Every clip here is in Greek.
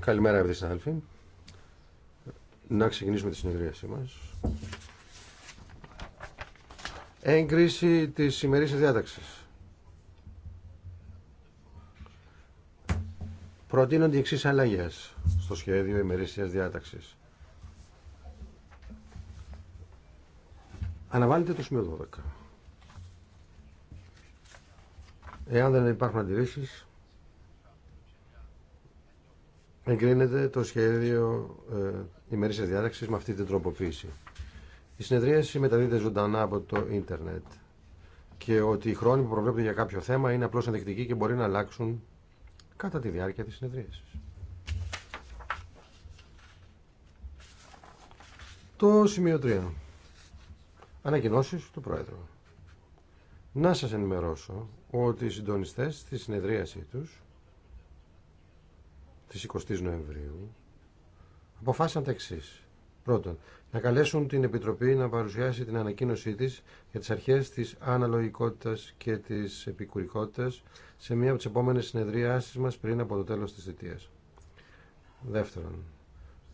Καλημέρα, αγαπητοί συνάδελφοι. Να ξεκινήσουμε τη συνεδρίασή μα. Έγκριση τη ημερήσια διάταξη. Προτείνονται οι εξή αλλαγέ στο σχέδιο ημερήσια διάταξη. Αναβάλλεται το σημείο 12. Εάν δεν υπάρχουν αντιρρήσει, εγκρίνεται το σχέδιο ε, ημερήσια διάταξης με αυτή την τροποποίηση. Η συνεδρίαση μεταδίδεται ζωντανά από το ίντερνετ και ότι οι χρόνοι που προβλέπονται για κάποιο θέμα είναι απλώς ενδεικτικοί και μπορεί να αλλάξουν κατά τη διάρκεια της συνεδρίασης. Το σημείο 3. Ανακοινώσει του Πρόεδρου. Να σας ενημερώσω ότι οι συντονιστές στη συνεδρίασή τους της 20 Νοεμβρίου αποφάσισαν τα εξή. Πρώτον, να καλέσουν την Επιτροπή να παρουσιάσει την ανακοίνωσή της για τις αρχές της αναλογικότητας και της επικουρικότητας σε μία από τις επόμενες συνεδριάσεις μας πριν από το τέλος της θητείας. Δεύτερον,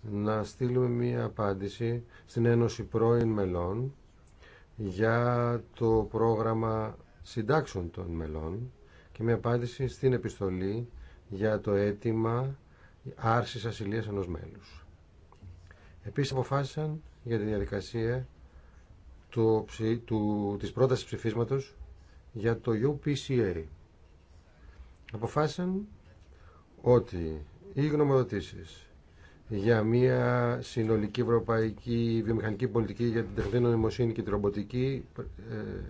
να στείλουμε μία απάντηση στην Ένωση Πρώην Μελών για το πρόγραμμα συντάξεων των μελών και μια απάντηση στην επιστολή για το αίτημα άρσης ασυλίας ενός μέλους. Επίσης αποφάσισαν για τη διαδικασία του, του, της πρότασης ψηφίσματος για το UPCA. Αποφάσισαν ότι οι γνωμοδοτήσεις για μια συνολική ευρωπαϊκή βιομηχανική πολιτική για την τεχνητή νοημοσύνη και την ρομποτική ε,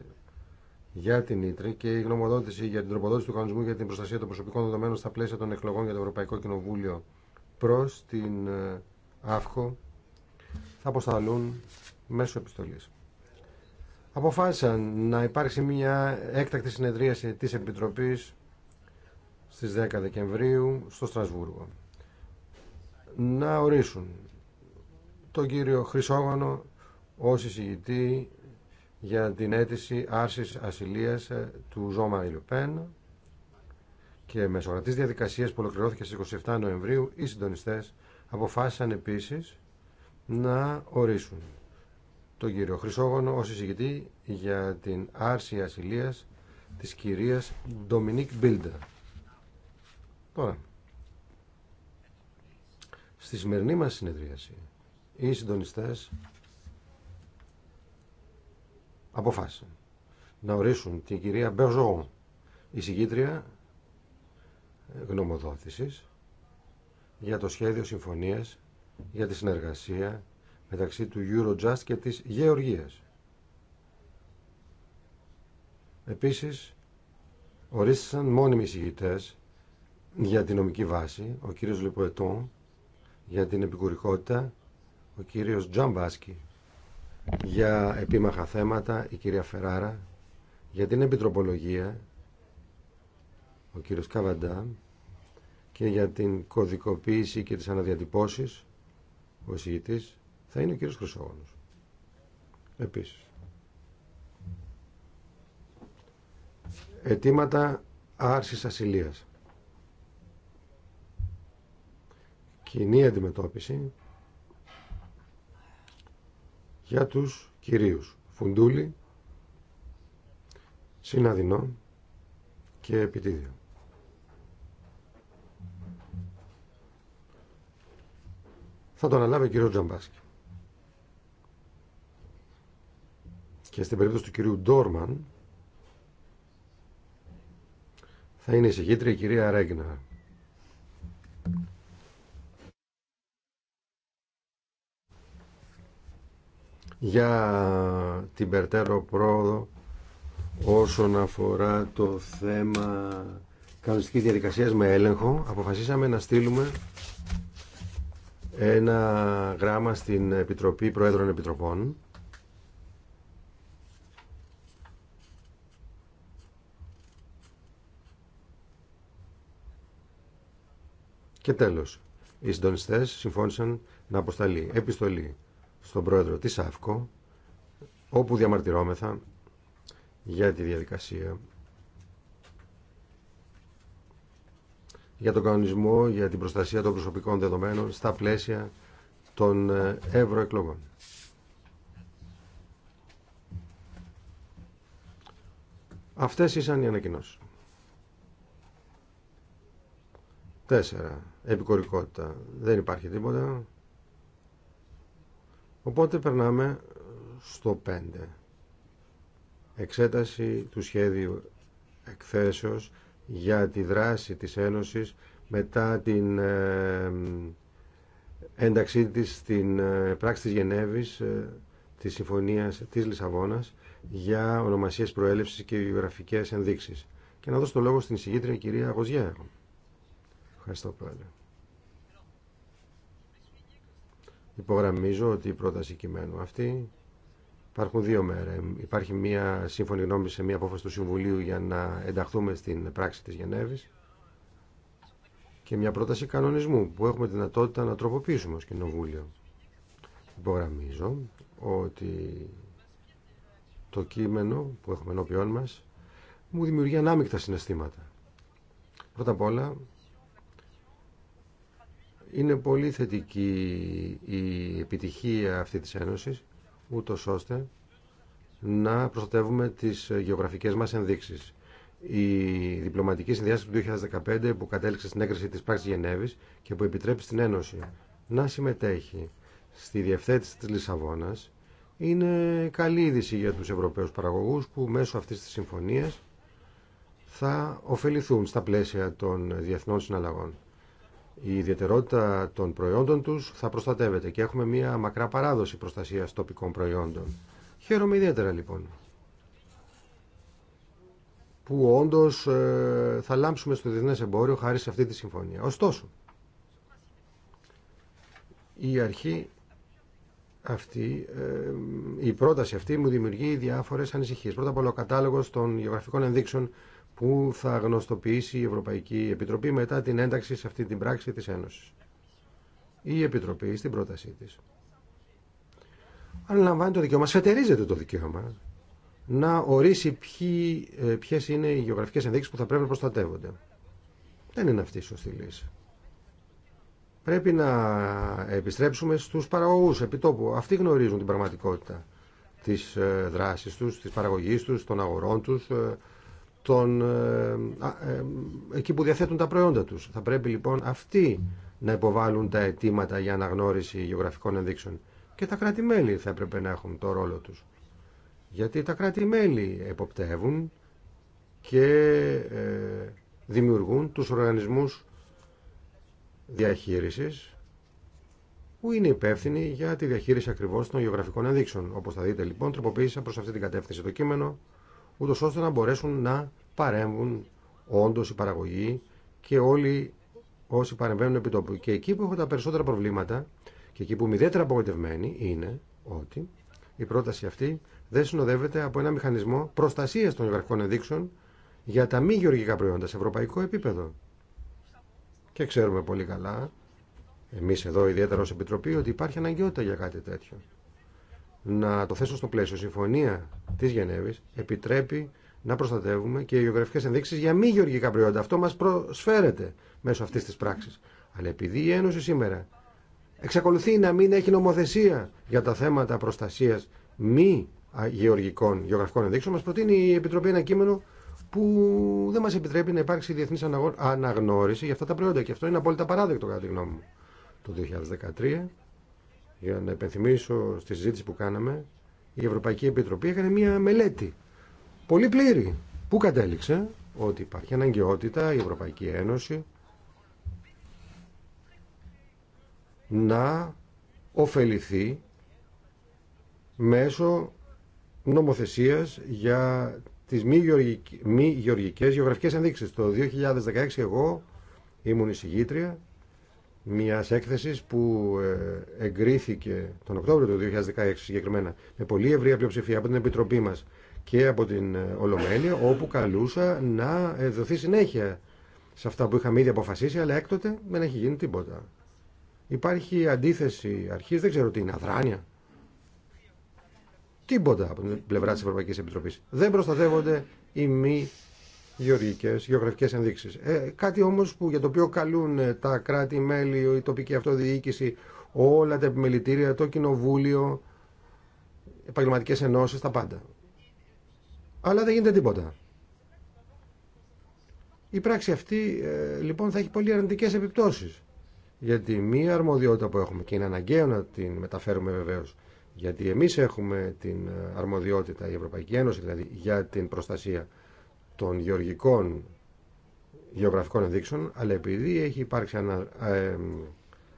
για την Ήτρε και η γνωμοδότηση για την τροποδότηση του κανονισμού για την προστασία των προσωπικών δεδομένων στα πλαίσια των εκλογών για το Ευρωπαϊκό Κοινοβούλιο προς την ε, ΑΦΧΟ θα αποσταλούν μέσω επιστολής. Αποφάσισαν να υπάρξει μια έκτακτη συνεδρίαση της Επιτροπής στις 10 Δεκεμβρίου στο Στρασβούργο. Να ορίσουν τον κύριο Χρυσόγωνο ως εισηγητή για την αίτηση άρσης ασυλίας ε, του Ζώμα Ιλουπέν και μέσω σωρατής διαδικασίας που ολοκληρώθηκε στις 27 Νοεμβρίου οι συντονιστές αποφάσισαν επίσης να ορίσουν τον κύριο Χρυσόγονο ως εισηγητή για την άρση ασυλίας της κυρίας Ντομινίκ Μπίλντα. Τώρα, στη σημερινή μας συνεδρίαση οι συντονιστές αποφάσισαν να ορίσουν την κυρία Μπερζό η συγκίτρια γνωμοδότησης για το σχέδιο συμφωνίας για τη συνεργασία μεταξύ του Eurojust και της Γεωργίας. Επίσης, ορίστησαν μόνιμοι εισηγητές για την νομική βάση, ο κύριος Λιποετών, για την επικουρικότητα, ο κύριος Τζαμπάσκι για επίμαχα θέματα, η κυρία Φεράρα, για την επιτροπολογία, ο κύριος Καβαντά, και για την κωδικοποίηση και τις αναδιατυπώσεις, ο εισηγητής θα είναι ο κύριος Χρυσόγονος. Επίσης. Ετήματα άρσης ασυλίας. Κοινή αντιμετώπιση για τους κυρίους Φουντούλη, Συναδεινό και Επιτίδιο. Θα τον αναλάβει ο κύριος Τζαμπάσκη. Και στην περίπτωση του κυρίου Ντόρμαν θα είναι η συγκήτρια η κυρία Ρέγναρ. για την περτέρω πρόοδο όσον αφορά το θέμα κανονιστικής διαδικασίας με έλεγχο αποφασίσαμε να στείλουμε ένα γράμμα στην Επιτροπή Προέδρων Επιτροπών και τέλος οι συντονιστές συμφώνησαν να αποσταλεί επιστολή στον πρόεδρο της ΑΦΚΟ όπου διαμαρτυρόμεθα για τη διαδικασία για τον κανονισμό για την προστασία των προσωπικών δεδομένων στα πλαίσια των ε, ευρωεκλογών. Αυτές ήσαν οι ανακοινώσεις. Τέσσερα. Επικορικότητα. Δεν υπάρχει τίποτα. Οπότε περνάμε στο 5. Εξέταση του σχέδιου εκθέσεως για τη δράση της Ένωσης μετά την ε, ένταξή της στην ε, πράξη της Γενέβης ε, της Συμφωνίας της Λισαβόνας για ονομασίες προέλευσης και βιογραφικές ενδείξεις. Και να δώσω το λόγο στην εισηγήτρια κυρία Γοζιέ. Ευχαριστώ πρόεδρε. Υπογραμμίζω ότι η πρόταση κειμένου αυτή υπάρχουν δύο μέρε. Υπάρχει μία σύμφωνη γνώμη σε μία απόφαση του Συμβουλίου για να ενταχθούμε στην πράξη της Γενέβης και μια πρόταση κανονισμού που έχουμε τη δυνατότητα να τροποποιήσουμε ως Κοινοβούλιο. Υπογραμμίζω ότι το κείμενο που έχουμε ενώπιόν μας μου δημιουργεί ανάμεικτα συναισθήματα. Πρώτα απ' όλα είναι πολύ θετική η επιτυχία αυτή της Ένωσης, ούτω ώστε να προστατεύουμε τις γεωγραφικές μας ενδείξεις. Η διπλωματική συνδιάσκεψη του 2015 που κατέληξε στην έγκριση της πράξης Γενέβης και που επιτρέπει στην Ένωση να συμμετέχει στη διευθέτηση της Λισαβόνας είναι καλή είδηση για τους Ευρωπαίους παραγωγούς που μέσω αυτής της συμφωνίας θα ωφεληθούν στα πλαίσια των διεθνών συναλλαγών η ιδιαιτερότητα των προϊόντων τους θα προστατεύεται και έχουμε μια μακρά παράδοση προστασίας τοπικών προϊόντων. Χαίρομαι ιδιαίτερα λοιπόν που όντως ε, θα λάμψουμε στο διεθνές εμπόριο χάρη σε αυτή τη συμφωνία. Ωστόσο, η αρχή αυτή, ε, η πρόταση αυτή μου δημιουργεί διάφορες ανησυχίες. Πρώτα απ' όλα ο κατάλογος των γεωγραφικών ενδείξεων που θα γνωστοποιήσει η Ευρωπαϊκή Επιτροπή μετά την ένταξη σε αυτή την πράξη της Ένωσης. Η Επιτροπή στην πρότασή της. λαμβάνει το δικαίωμα, σφετερίζεται το δικαίωμα να ορίσει ε, ποιες είναι οι γεωγραφικές ενδείξεις που θα πρέπει να προστατεύονται. Δεν είναι αυτή η σωστή λύση. Πρέπει να επιστρέψουμε στους παραγωγούς επιτόπου. Αυτοί γνωρίζουν την πραγματικότητα της ε, δράσης τους, της παραγωγής τους, των αγορών τους, ε, τον, ε, ε, εκεί που διαθέτουν τα προϊόντα τους. Θα πρέπει λοιπόν αυτοί να υποβάλουν τα αιτήματα για αναγνώριση γεωγραφικών ενδείξεων. Και τα κράτη-μέλη θα έπρεπε να έχουν το ρόλο τους. Γιατί τα κράτη-μέλη εποπτεύουν και ε, δημιουργούν τους οργανισμούς διαχείρισης που είναι υπεύθυνοι για τη διαχείριση ακριβώς των γεωγραφικών ενδείξεων. Όπως θα δείτε λοιπόν, τροποποίησα προς αυτή την κατεύθυνση το κείμενο ούτω ώστε να μπορέσουν να παρέμβουν όντω οι παραγωγοί και όλοι όσοι παρεμβαίνουν επί τόπου. Και εκεί που έχω τα περισσότερα προβλήματα και εκεί που είμαι ιδιαίτερα απογοητευμένοι είναι ότι η πρόταση αυτή δεν συνοδεύεται από ένα μηχανισμό προστασία των υγραφικών ενδείξεων για τα μη γεωργικά προϊόντα σε ευρωπαϊκό επίπεδο. Και ξέρουμε πολύ καλά, εμεί εδώ ιδιαίτερα ω Επιτροπή, ότι υπάρχει αναγκαιότητα για κάτι τέτοιο να το θέσω στο πλαίσιο. Η συμφωνία τη Γενέβη επιτρέπει να προστατεύουμε και οι γεωγραφικέ ενδείξει για μη γεωργικά προϊόντα. Αυτό μα προσφέρεται μέσω αυτή τη πράξη. Αλλά επειδή η Ένωση σήμερα εξακολουθεί να μην έχει νομοθεσία για τα θέματα προστασία μη γεωργικών γεωγραφικών ενδείξεων, μα προτείνει η Επιτροπή ένα κείμενο που δεν μα επιτρέπει να υπάρξει διεθνή αναγνώριση για αυτά τα προϊόντα. Και αυτό είναι απόλυτα παράδεκτο, κατά τη γνώμη μου. Το 2013 για να επενθυμίσω στη συζήτηση που κάναμε, η Ευρωπαϊκή Επιτροπή έκανε μια μελέτη πολύ πλήρη που κατέληξε ότι υπάρχει αναγκαιότητα η Ευρωπαϊκή Ένωση να ωφεληθεί μέσω νομοθεσίας για τις μη, γεωργικ... μη γεωργικές γεωγραφικές ενδείξεις. Το 2016 εγώ ήμουν εισηγήτρια μιας έκθεσης που ε, εγκρίθηκε τον Οκτώβριο του 2016 συγκεκριμένα με πολύ ευρία πλειοψηφία από την Επιτροπή μας και από την ε, Ολομέλεια όπου καλούσα να ε, δοθεί συνέχεια σε αυτά που είχαμε ήδη αποφασίσει αλλά έκτοτε δεν έχει γίνει τίποτα. Υπάρχει αντίθεση αρχής, δεν ξέρω τι είναι, αδράνεια. Τίποτα από την πλευρά της Ευρωπαϊκής Επιτροπής. Δεν προστατεύονται οι μη γεωργικές, γεωγραφικές ενδείξεις. Ε, κάτι όμως που, για το οποίο καλούν ε, τα κράτη-μέλη, η τοπική αυτοδιοίκηση, όλα τα επιμελητήρια, το κοινοβούλιο, επαγγελματικέ ενώσεις, τα πάντα. Αλλά δεν γίνεται τίποτα. Η πράξη αυτή ε, λοιπόν θα έχει πολύ αρνητικέ επιπτώσεις. Γιατί μία αρμοδιότητα που έχουμε και είναι αναγκαίο να την μεταφέρουμε βεβαίω. Γιατί εμείς έχουμε την ε, αρμοδιότητα, η Ευρωπαϊκή Ένωση δηλαδή, για την προστασία των γεωργικών γεωγραφικών ενδείξεων, αλλά επειδή έχει υπάρξει ανα,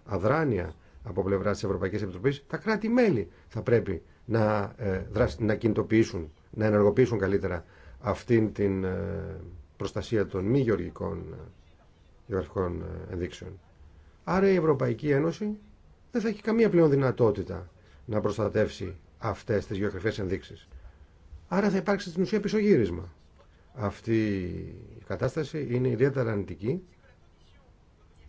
αδράνεια από πλευρά τη Ευρωπαϊκή Επιτροπή, τα κράτη-μέλη θα πρέπει να, ε, να κινητοποιήσουν, να ενεργοποιήσουν καλύτερα αυτήν την ε, προστασία των μη γεωργικών ε, γεωγραφικών ενδείξεων. Άρα η Ευρωπαϊκή Ένωση δεν θα έχει καμία πλέον δυνατότητα να προστατεύσει αυτές τις γεωγραφικές ενδείξεις. Άρα θα υπάρξει στην ουσία πισωγύρισμα αυτή η κατάσταση είναι ιδιαίτερα αρνητική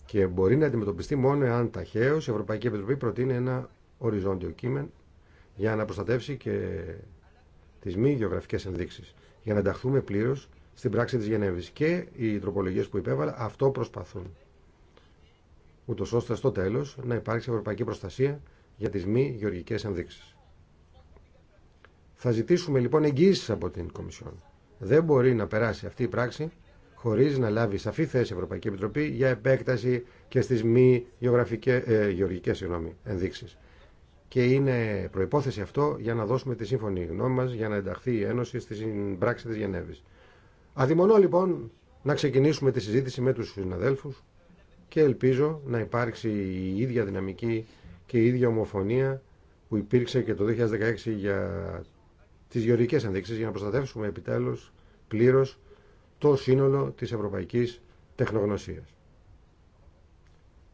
και μπορεί να αντιμετωπιστεί μόνο εάν ταχαίω η Ευρωπαϊκή Επιτροπή προτείνει ένα οριζόντιο κείμενο για να προστατεύσει και τι μη γεωγραφικέ ενδείξει για να ενταχθούμε πλήρω στην πράξη τη Γενέβη. και οι τροπολογίε που υπέβαλα αυτό προσπαθούν ούτω ώστε στο τέλο να υπάρξει ευρωπαϊκή προστασία για τι μη γεωργικές ενδείξει. Θα ζητήσουμε λοιπόν εγγυήσει από την Κομισιόν δεν μπορεί να περάσει αυτή η πράξη χωρί να λάβει σαφή θέση η Ευρωπαϊκή Επιτροπή για επέκταση και στι μη ε, γεωργικέ ενδείξει. Και είναι προπόθεση αυτό για να δώσουμε τη σύμφωνη γνώμη μα για να ενταχθεί η Ένωση στη πράξη τη Γενέβη. Αδειμονώ λοιπόν να ξεκινήσουμε τη συζήτηση με του συναδέλφου και ελπίζω να υπάρξει η ίδια δυναμική και η ίδια ομοφωνία που υπήρξε και το 2016 για τις γεωργικές ενδείξεις για να προστατεύσουμε επιτέλους πλήρω το σύνολο τη Ευρωπαϊκή Τεχνογνωσία.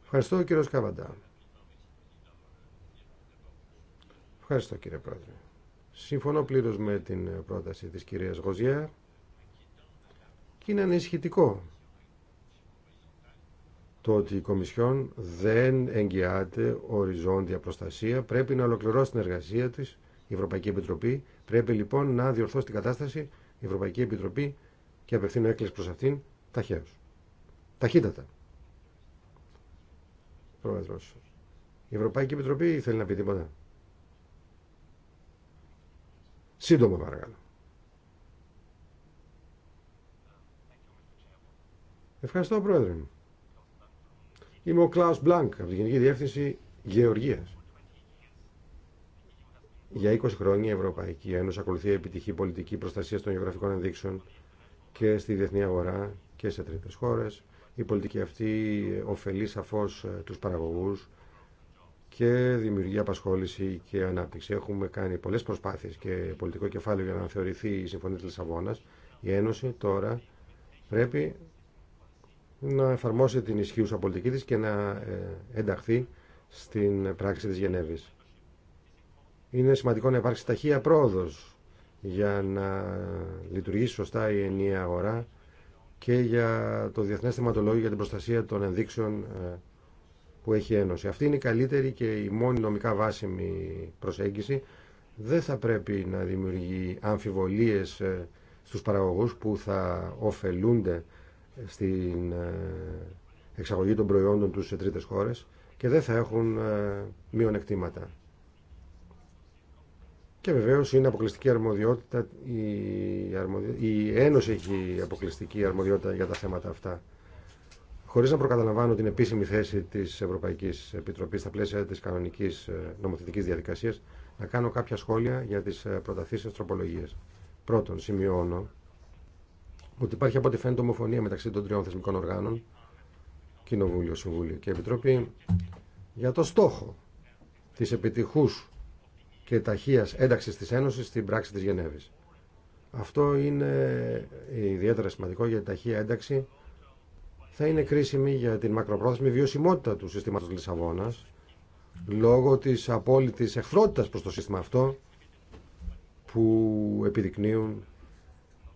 Ευχαριστώ κύριο Καβαντά. Ευχαριστώ κύριε Πρόεδρε. Συμφωνώ πλήρω με την πρόταση της κυρίας Γοζιέ και είναι ανησυχητικό το ότι η Κομισιόν δεν εγγυάται οριζόντια προστασία. Πρέπει να ολοκληρώσει την εργασία της η Ευρωπαϊκή Επιτροπή Πρέπει λοιπόν να διορθώσει την κατάσταση η Ευρωπαϊκή Επιτροπή και απευθύνω έκκληση προς αυτήν ταχαίω. Ταχύτατα. Πρόεδρος. Η Ευρωπαϊκή Επιτροπή θέλει να πει τίποτα. Σύντομα παρακαλώ. Ευχαριστώ πρόεδρε Είμαι ο Κλάου Μπλάνκ από τη Γενική Διεύθυνση Γεωργίας. Για 20 χρόνια η Ευρωπαϊκή Ένωση ακολουθεί επιτυχή πολιτική προστασία των γεωγραφικών ενδείξεων και στη διεθνή αγορά και σε τρίτες χώρες. Η πολιτική αυτή ωφελεί σαφώς ε, τους παραγωγούς και δημιουργεί απασχόληση και ανάπτυξη. Έχουμε κάνει πολλέ προσπάθειες και πολιτικό κεφάλαιο για να θεωρηθεί η Συμφωνία τη Λισαβόνα. Η Ένωση τώρα πρέπει να εφαρμόσει την ισχύουσα πολιτική της και να ε, ενταχθεί στην πράξη της Γενέβης είναι σημαντικό να υπάρξει ταχεία πρόοδος για να λειτουργήσει σωστά η ενιαία αγορά και για το Διεθνές Θεματολόγιο για την προστασία των ενδείξεων ε, που έχει η Ένωση. Αυτή είναι η καλύτερη και η μόνη νομικά βάσιμη προσέγγιση. Δεν θα πρέπει να δημιουργεί αμφιβολίες ε, στους παραγωγούς που θα ωφελούνται στην ε, εξαγωγή των προϊόντων τους σε τρίτες χώρες και δεν θα έχουν μειονεκτήματα. Και βεβαίω είναι αποκλειστική αρμοδιότητα, η, η Ένωση έχει αποκλειστική αρμοδιότητα για τα θέματα αυτά. Χωρί να προκαταλαμβάνω την επίσημη θέση τη Ευρωπαϊκή Επιτροπή στα πλαίσια τη κανονική ε, νομοθετική διαδικασία, να κάνω κάποια σχόλια για τι ε, προταθήσει τροπολογίε. Πρώτον, σημειώνω ότι υπάρχει από ό,τι φαίνεται ομοφωνία μεταξύ των τριών θεσμικών οργάνων, Κοινοβούλιο, Συμβούλιο και Επιτροπή, για το στόχο τη επιτυχού και ταχεία ένταξης της Ένωση στην πράξη της Γενέβης. Αυτό είναι ιδιαίτερα σημαντικό γιατί η ταχεία ένταξη θα είναι κρίσιμη για την μακροπρόθεσμη βιωσιμότητα του συστήματος Λισαβόνα λόγω της απόλυτη εχθρότητα προς το σύστημα αυτό που επιδεικνύουν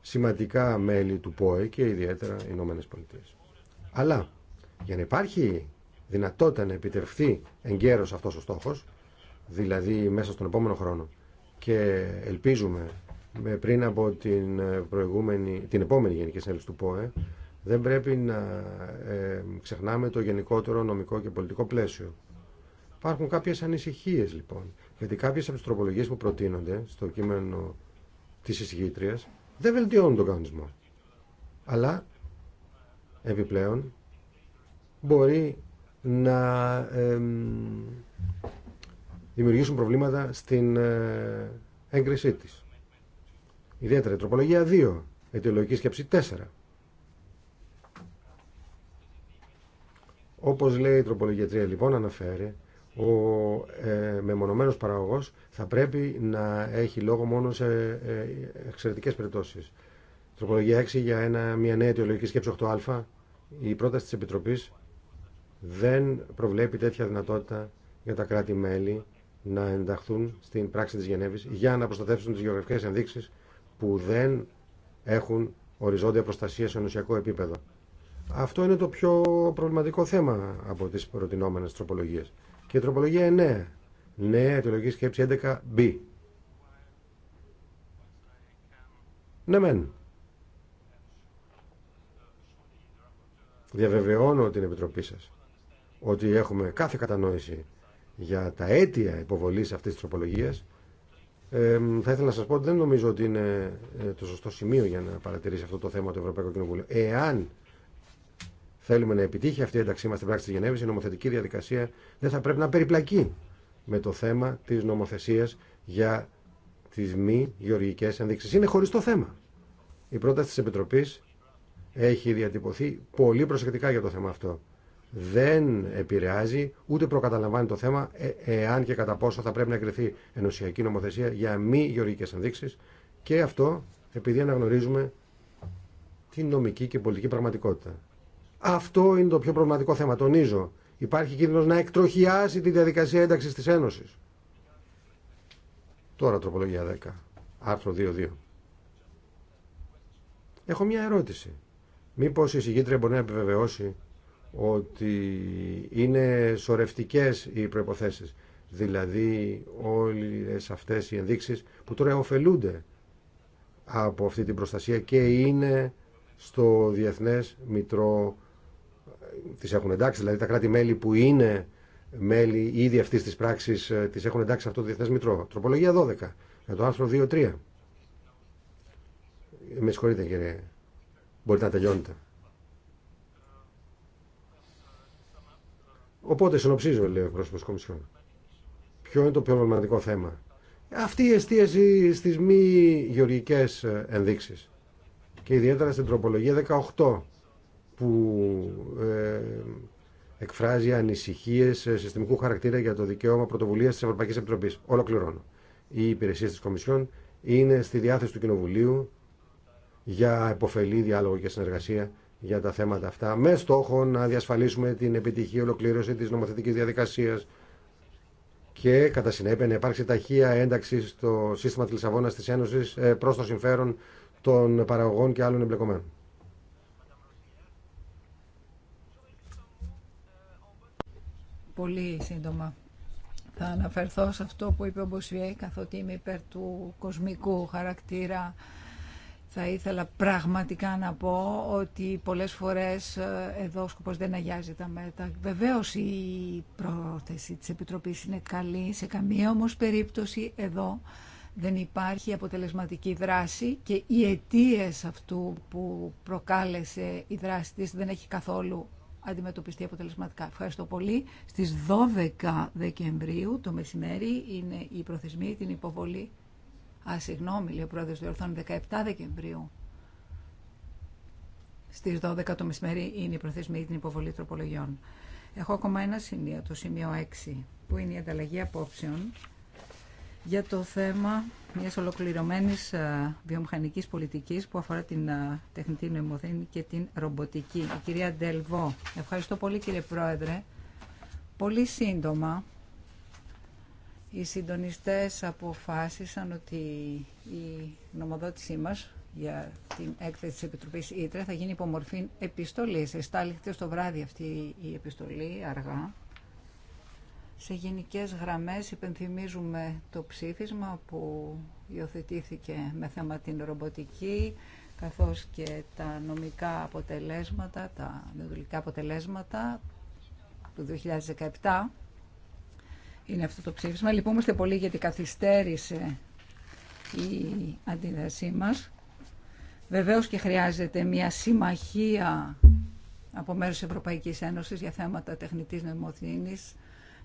σημαντικά μέλη του ΠΟΕ και ιδιαίτερα οι Ηνωμένε Πολιτείε. Αλλά για να υπάρχει δυνατότητα να επιτευχθεί εγκαίρω αυτό ο στόχο δηλαδή μέσα στον επόμενο χρόνο και ελπίζουμε με πριν από την, ε, προηγούμενη, την επόμενη Γενική Συνέλευση του ΠΟΕ δεν πρέπει να ε, ξεχνάμε το γενικότερο νομικό και πολιτικό πλαίσιο. Υπάρχουν κάποιες ανησυχίες λοιπόν, γιατί κάποιες από τις τροπολογίες που προτείνονται στο κείμενο της εισηγήτριας δεν βελτιώνουν τον κανονισμό. Αλλά επιπλέον μπορεί να δημιουργήσουν προβλήματα στην ε, έγκρισή της. Ιδιαίτερα η τροπολογία 2, αιτιολογική σκέψη 4. Όπως λέει η τροπολογία 3 λοιπόν αναφέρει, ο ε, μεμονωμένος παραγωγός θα πρέπει να έχει λόγο μόνο σε ε, εξαιρετικές περιπτώσεις. Τροπολογία 6 για ένα, μια νέα αιτιολογική σκέψη 8α. Η πρόταση της Επιτροπής δεν προβλέπει τέτοια δυνατότητα για τα κράτη-μέλη να ενταχθούν στην πράξη της Γενέβης για να προστατεύσουν τις γεωγραφικές ενδείξεις που δεν έχουν οριζόντια προστασία σε ενωσιακό επίπεδο. Αυτό είναι το πιο προβληματικό θέμα από τις προτινόμενες τροπολογίες. Και η τροπολογία 9. Νέα αιτιολογική σκέψη 11b. Ναι μεν. Διαβεβαιώνω την Επιτροπή σας ότι έχουμε κάθε κατανόηση για τα αίτια υποβολής αυτής της τροπολογίας ε, θα ήθελα να σας πω ότι δεν νομίζω ότι είναι ε, το σωστό σημείο για να παρατηρήσει αυτό το θέμα το Ευρωπαϊκό Κοινοβούλιο. Εάν θέλουμε να επιτύχει αυτή η ένταξή μας στην πράξη της Γενέβης, η νομοθετική διαδικασία δεν θα πρέπει να περιπλακεί με το θέμα της νομοθεσίας για τις μη γεωργικές ενδείξεις. Είναι χωριστό θέμα. Η πρόταση της Επιτροπής έχει διατυπωθεί πολύ προσεκτικά για το θέμα αυτό δεν επηρεάζει ούτε προκαταλαμβάνει το θέμα ε, εάν και κατά πόσο θα πρέπει να εγκριθεί ενωσιακή νομοθεσία για μη γεωργικέ ενδείξει. και αυτό επειδή αναγνωρίζουμε την νομική και πολιτική πραγματικότητα. Αυτό είναι το πιο προβληματικό θέμα. Τονίζω, υπάρχει κίνδυνος να εκτροχιάσει τη διαδικασία ένταξη τη Ένωση. Τώρα τροπολογία 10, άρθρο 2.2. Έχω μια ερώτηση. Μήπως η συγκήτρια μπορεί να επιβεβαιώσει ότι είναι σορευτικές οι προϋποθέσεις. Δηλαδή όλες αυτές οι ενδείξεις που τώρα ωφελούνται από αυτή την προστασία και είναι στο Διεθνές Μητρό ε, τις έχουν εντάξει, δηλαδή τα κράτη-μέλη που είναι μέλη ήδη αυτή τη πράξη ε, τις έχουν εντάξει σε αυτό το διεθνέ μητρό. Τροπολογία 12. Για το άρθρο 2-3. Ε, με συγχωρείτε κύριε. Μπορείτε να τελειώνετε. Οπότε συνοψίζω, λέει ο πρόσωπο Κομισιόν. Ποιο είναι το πιο προβληματικό θέμα. Αυτή η εστίαση στι μη γεωργικέ ε, ενδείξει. Και ιδιαίτερα στην τροπολογία 18 που ε, εκφράζει ανησυχίε ε, συστημικού χαρακτήρα για το δικαίωμα πρωτοβουλία τη Ευρωπαϊκή Επιτροπή. Ολοκληρώνω. Οι υπηρεσίε τη Κομισιόν είναι στη διάθεση του Κοινοβουλίου για υποφελή διάλογο και συνεργασία για τα θέματα αυτά με στόχο να διασφαλίσουμε την επιτυχή ολοκλήρωση της νομοθετικής διαδικασίας και κατά συνέπεια να υπάρξει ταχεία ένταξη στο σύστημα της Λισαβόνας της Ένωσης ε, προς το συμφέρον των παραγωγών και άλλων εμπλεκομένων. Πολύ σύντομα. Θα αναφερθώ σε αυτό που είπε ο Μποσιέ, καθότι είμαι υπέρ του κοσμικού χαρακτήρα θα ήθελα πραγματικά να πω ότι πολλές φορές ε, εδώ ο σκοπός δεν αγιάζει τα μέτα. Βεβαίως η πρόθεση της Επιτροπής είναι καλή, σε καμία όμως περίπτωση εδώ δεν υπάρχει αποτελεσματική δράση και οι αιτίε αυτού που προκάλεσε η δράση της δεν έχει καθόλου αντιμετωπιστεί αποτελεσματικά. Ευχαριστώ πολύ. Στις 12 Δεκεμβρίου το μεσημέρι είναι η προθεσμή, την υποβολή α, συγγνώμη, λέει ο Πρόεδρο του 17 Δεκεμβρίου. Στις 12 το μεσημέρι είναι η προθεσμή για την υποβολή τροπολογιών. Έχω ακόμα ένα σημείο, το σημείο 6, που είναι η ανταλλαγή απόψεων για το θέμα μιας ολοκληρωμένης ε, βιομηχανικής πολιτικής που αφορά την ε, τεχνητή νοημοθένη και την ρομποτική. Η κυρία Ντελβό. Ευχαριστώ πολύ κύριε Πρόεδρε. Πολύ σύντομα, οι συντονιστές αποφάσισαν ότι η νομοδότησή μας για την έκθεση της Επιτροπής Ήτρε θα γίνει υπομορφή επιστολής. Εστάληχτε στο βράδυ αυτή η επιστολή αργά. Σε γενικές γραμμές υπενθυμίζουμε το ψήφισμα που υιοθετήθηκε με θέμα την ρομποτική καθώς και τα νομικά αποτελέσματα, τα νεοδουλικά αποτελέσματα του 2017 είναι αυτό το ψήφισμα. Λυπούμαστε πολύ γιατί καθυστέρησε η αντίδρασή μας. Βεβαίως και χρειάζεται μια συμμαχία από μέρους της Ευρωπαϊκής Ένωσης για θέματα τεχνητής νοημοθύνης,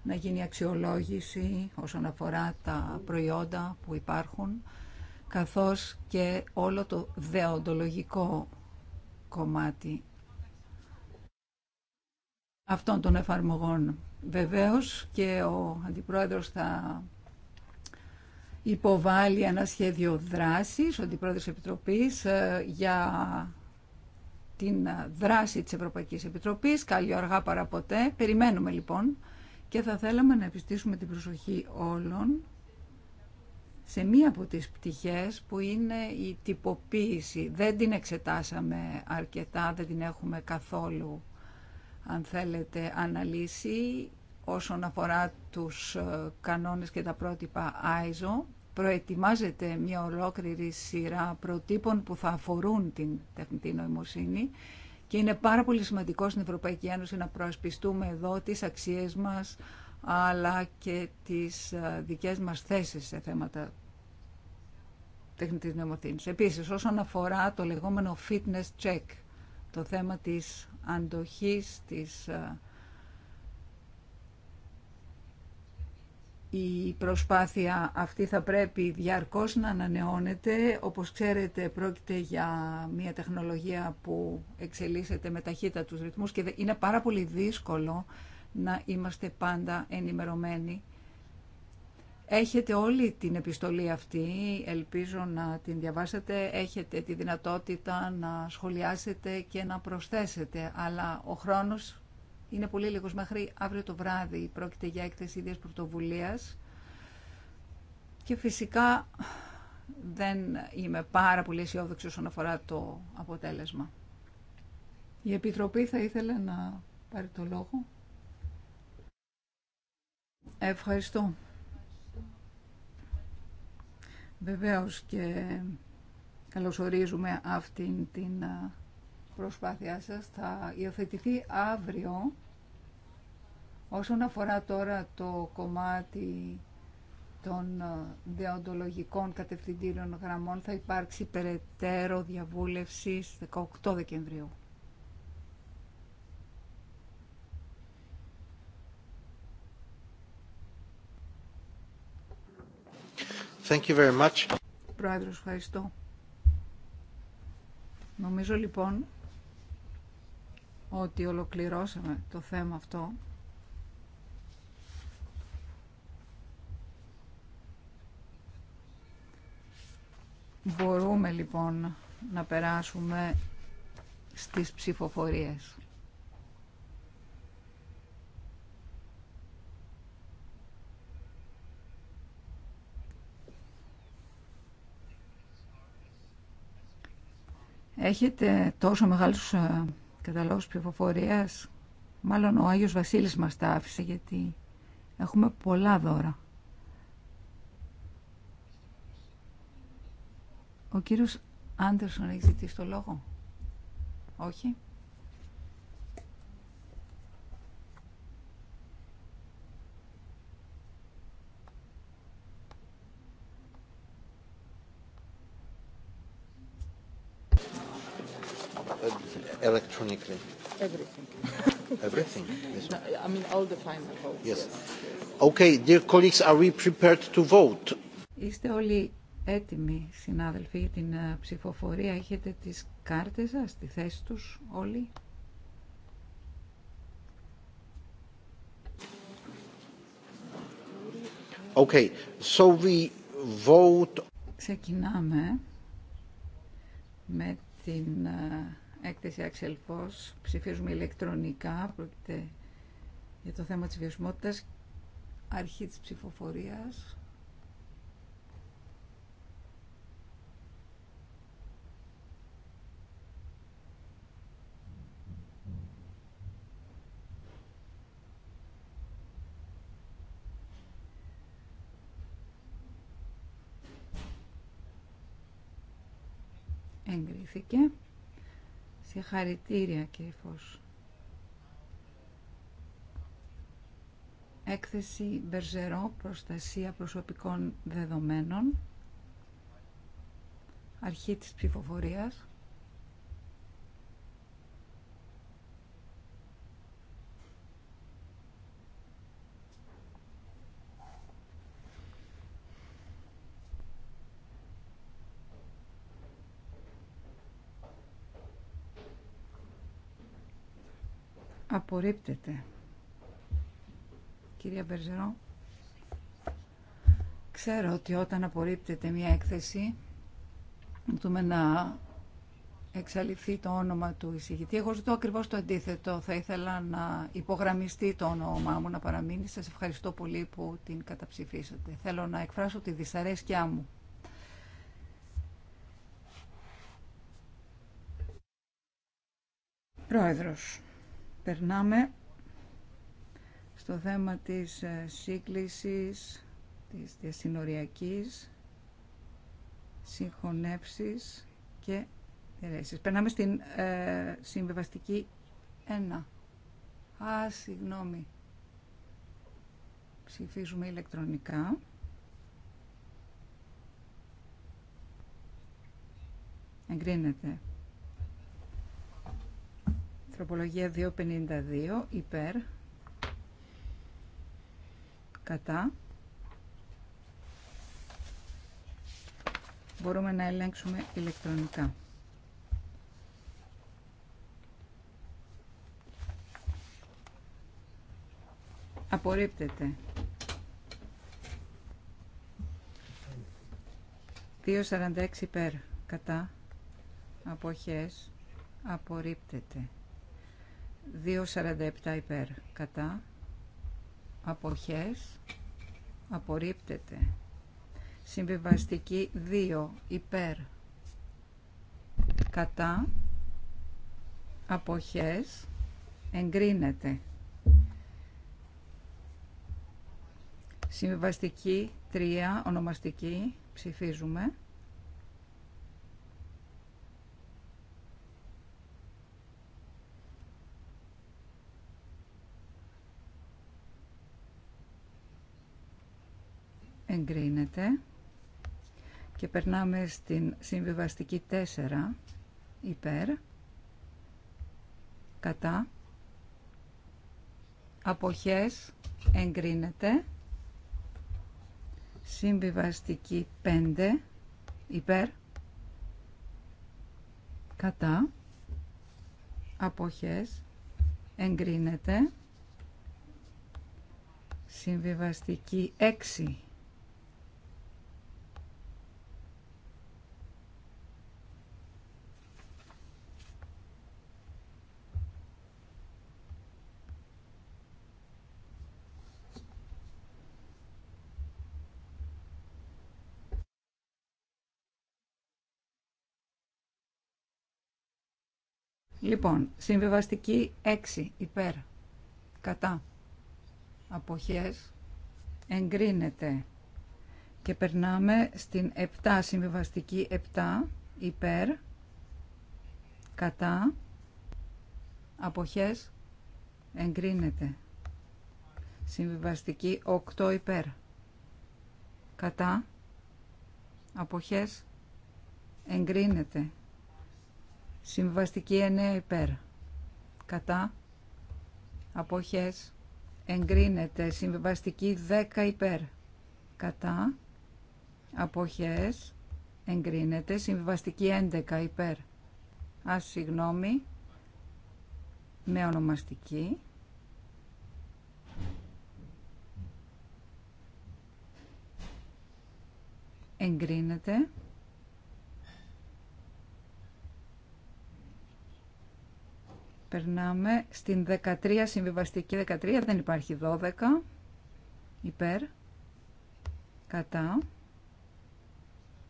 να γίνει αξιολόγηση όσον αφορά τα προϊόντα που υπάρχουν, καθώς και όλο το δεοντολογικό κομμάτι αυτών των εφαρμογών. Βεβαίως και ο Αντιπρόεδρος θα υποβάλει ένα σχέδιο δράσης, ο Αντιπρόεδρος Επιτροπής, ε, για την δράση της Ευρωπαϊκής Επιτροπής, καλή αργά παρά Περιμένουμε λοιπόν και θα θέλαμε να επιστήσουμε την προσοχή όλων σε μία από τις πτυχές που είναι η τυποποίηση. Δεν την εξετάσαμε αρκετά, δεν την έχουμε καθόλου αν θέλετε, αναλύσει όσον αφορά τους ε, κανόνες και τα πρότυπα ISO. Προετοιμάζεται μια ολόκληρη σειρά προτύπων που θα αφορούν την τεχνητή νοημοσύνη και είναι πάρα πολύ σημαντικό στην Ευρωπαϊκή Ένωση να προασπιστούμε εδώ τις αξίες μας αλλά και τις ε, δικές μας θέσεις σε θέματα τεχνητής νοημοσύνης. Επίσης, όσον αφορά το λεγόμενο fitness check, το θέμα της αντοχής της ε, η προσπάθεια αυτή θα πρέπει διαρκώς να ανανεώνεται. Όπως ξέρετε πρόκειται για μια τεχνολογία που εξελίσσεται με ταχύτητα τους ρυθμούς και είναι πάρα πολύ δύσκολο να είμαστε πάντα ενημερωμένοι. Έχετε όλη την επιστολή αυτή, ελπίζω να την διαβάσετε, έχετε τη δυνατότητα να σχολιάσετε και να προσθέσετε, αλλά ο χρόνος είναι πολύ λίγος μέχρι αύριο το βράδυ. Πρόκειται για έκθεση ίδιας πρωτοβουλίας και φυσικά δεν είμαι πάρα πολύ αισιόδοξη όσον αφορά το αποτέλεσμα. Η Επιτροπή θα ήθελε να πάρει το λόγο. Ευχαριστώ. Βεβαίως και καλωσορίζουμε αυτήν την προσπάθειά σας. Θα υιοθετηθεί αύριο. Όσον αφορά τώρα το κομμάτι των διοντολογικών κατευθυντήριων γραμμών θα υπάρξει περαιτέρω διαβούλευση 18 Δεκεμβρίου. Thank ευχαριστώ. Νομίζω λοιπόν ότι ολοκληρώσαμε το θέμα αυτό. Μπορούμε λοιπόν να περάσουμε στις ψηφοφορίες. Έχετε τόσο μεγάλους ε, καταλόγους πληροφορία. Μάλλον ο Άγιος Βασίλης μας τα άφησε γιατί έχουμε πολλά δώρα. Ο κύριος Άντερσον έχει ζητήσει το λόγο. Όχι. electronically? Everything. Everything? I mean, all the final votes. Yes. Okay, dear colleagues, are we prepared to vote? Είστε όλοι έτοιμοι, συνάδελφοι, για την ψηφοφορία. Έχετε τις κάρτες σας τη θέση τους όλοι. Okay, so we vote. Ξεκινάμε με την έκθεση Axel Ψηφίζουμε ηλεκτρονικά. Πρόκειται για το θέμα της βιωσιμότητας. Αρχή της ψηφοφορίας. Εγκρίθηκε. Συγχαρητήρια κύριε Φως. Έκθεση Μπερζερό Προστασία Προσωπικών Δεδομένων Αρχή της ψηφοφορίας Απορρίπτεται. Κυρία Μπερζερό, ξέρω ότι όταν απορρίπτεται μια έκθεση, μπορούμε να εξαλειφθεί το όνομα του εισηγητή. Εγώ ζητώ ακριβώς το αντίθετο. Θα ήθελα να υπογραμμιστεί το όνομά μου, να παραμείνει. Σας ευχαριστώ πολύ που την καταψηφίσατε. Θέλω να εκφράσω τη δυσαρέσκειά μου. Πρόεδρος. Περνάμε στο θέμα της ε, σύγκλησης, της διασυνοριακής, συγχωνεύσεις και διαιρέσεις. Περνάμε στην ε, 1. Α, συγγνώμη. Ψηφίζουμε ηλεκτρονικά. Εγκρίνεται. Τροπολογία 252 υπέρ κατά. Μπορούμε να ελέγξουμε ηλεκτρονικά. Απορρίπτεται. 2.46 υπέρ κατά αποχές απορρίπτεται. 2.47 υπέρ κατά αποχές απορρίπτεται συμβιβαστική 2 υπέρ κατά αποχές εγκρίνεται συμβιβαστική 3 ονομαστική ψηφίζουμε και περνάμε στην συμβιβαστική 4 υπέρ κατά αποχές εγκρίνεται συμβιβαστική 5 υπέρ κατά αποχές εγκρίνεται συμβιβαστική 6 Λοιπόν, συμβιβαστική 6 υπέρ κατά αποχές εγκρίνεται και περνάμε στην 7 συμβιβαστική 7 υπέρ κατά αποχές εγκρίνεται συμβιβαστική 8 υπέρ κατά αποχές εγκρίνεται Συμβαστική 9 υπέρ. Κατά. Αποχές. Εγκρίνεται. Συμβαστική 10 υπέρ. Κατά. Αποχές. Εγκρίνεται. Συμβαστική 11 υπέρ. Α, συγγνώμη. Με ονομαστική. Εγκρίνεται. Περνάμε στην 13, συμβιβαστική 13, δεν υπάρχει 12. Υπέρ. Κατά.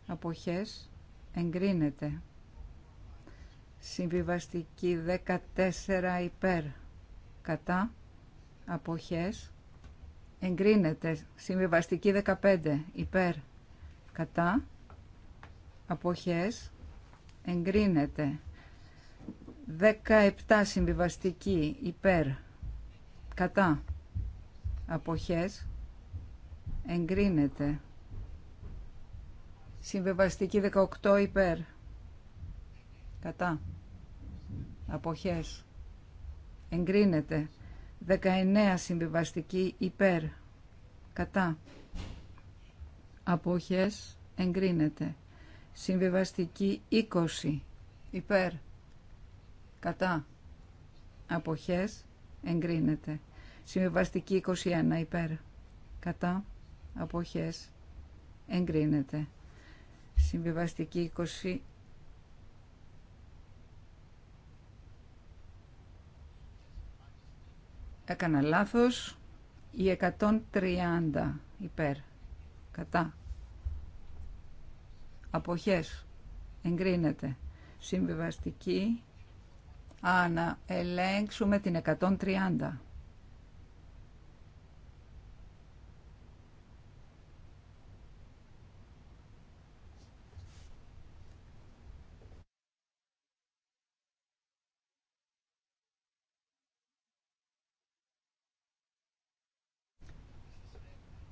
Αποχές. Εγκρίνεται. Συμβιβαστική 14 υπέρ. Κατά. Αποχές. Εγκρίνεται. Συμβιβαστική 15 υπέρ. Κατά. Αποχές. Εγκρίνεται. 17 συμβιβαστική υπέρ κατά αποχές εγκρίνεται. Συμβιβαστική 18 υπέρ κατά αποχές εγκρίνεται. 19 συμβιβαστική υπέρ κατά αποχές εγκρίνεται. Συμβιβαστική 20 υπέρ κατά αποχές εγκρίνεται. Συμβιβαστική 21 υπέρ κατά αποχές εγκρίνεται. Συμβιβαστική 20 Έκανα λάθος. Η 130 υπέρ. Κατά. Αποχές. Εγκρίνεται. Συμβιβαστική Ανα ελέγξουμε την 130.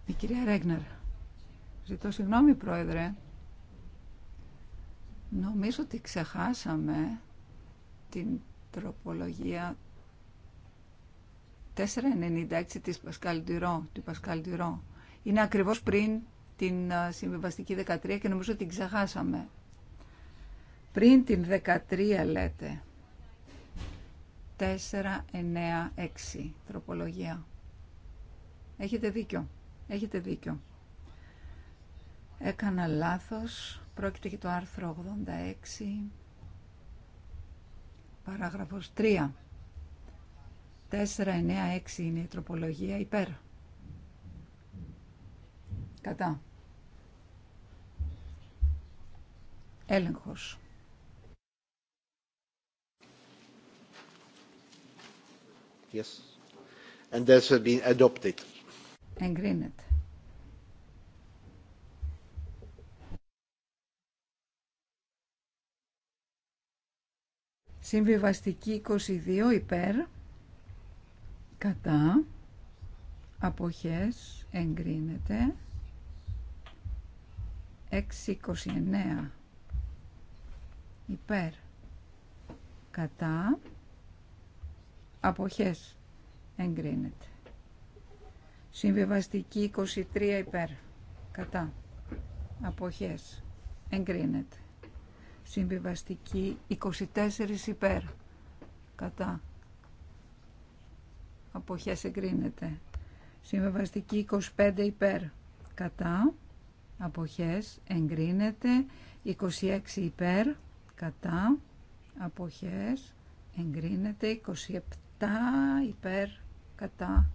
Η κυρία Ρέγνερ, ζητώ συγγνώμη πρόεδρε, νομίζω ότι ξεχάσαμε την Τροπολογία 496 της Πασκάλ Τυρό, του Πασκάλ Είναι ακριβώς πριν την ε, συμβιβαστική 13 και νομίζω την ξεχάσαμε. Πριν την 13 λέτε. 496 τροπολογία. Έχετε δίκιο. Έχετε δίκιο. Έκανα λάθος. Πρόκειται για το άρθρο 86. Παράγραφος 3. 4-9-6 είναι η τροπολογία υπέρ. Κατά. Έλεγχος. Yes. And that's been adopted. Εγκρίνεται. Συμβιβαστική 22 υπέρ κατά αποχές εγκρίνεται 629 υπέρ κατά αποχές εγκρίνεται συμβιβαστική 23 υπέρ κατά αποχές εγκρίνεται Συμβιβαστική 24 υπέρ. Κατά. Αποχές εγκρίνεται. Συμβιβαστική 25 υπέρ. Κατά. Αποχές εγκρίνεται. 26 υπέρ. Κατά. Αποχές εγκρίνεται. 27 υπέρ. Κατά.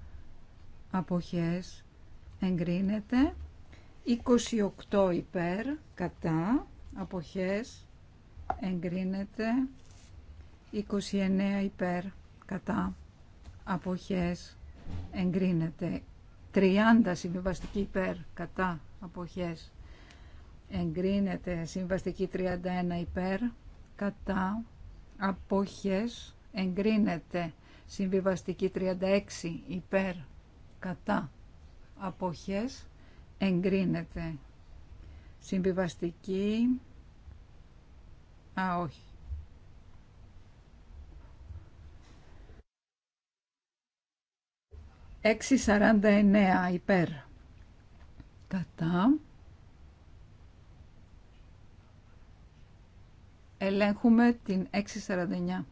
Αποχές εγκρίνεται. 28 υπέρ. Κατά. Αποχές εγκρίνεται 29 υπέρ κατά αποχές εγκρίνεται 30 συμβιβαστική υπέρ κατά αποχές εγκρίνεται συμβαστική 31 υπέρ κατά αποχές εγκρίνεται συμβιβαστική 36 υπέρ κατά αποχές εγκρίνεται συμβιβαστική Α, όχι. Έξι σαράντα εννέα υπέρ. Κατά. Ελέγχουμε την έξι εννέα.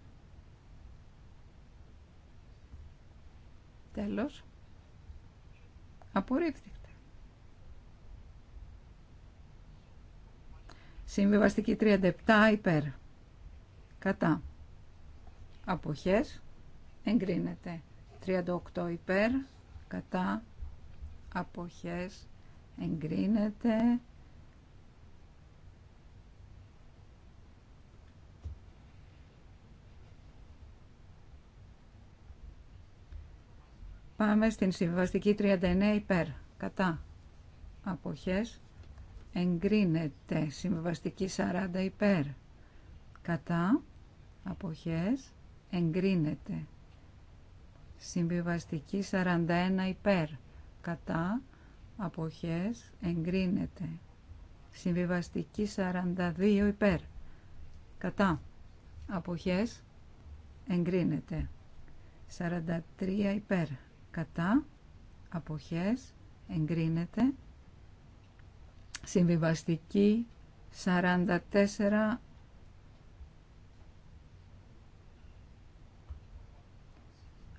Τέλος. Απορρίφθηκε. Συμβιβαστική 37 υπέρ. Κατά. Αποχές. Εγκρίνεται. 38 υπέρ. Κατά. Αποχές. Εγκρίνεται. Πάμε στην συμβιβαστική 39 υπέρ. Κατά. Αποχές εγκρίνεται Συμβιβαστική 40 υπέρ κατά αποχές εγκρίνεται συμβιβαστική 41 υπέρ κατά αποχές εγκρίνεται συμβιβαστική 42 υπέρ κατά αποχές εγκρίνεται 43 υπέρ κατά αποχές εγκρίνεται Συμβιβαστική 44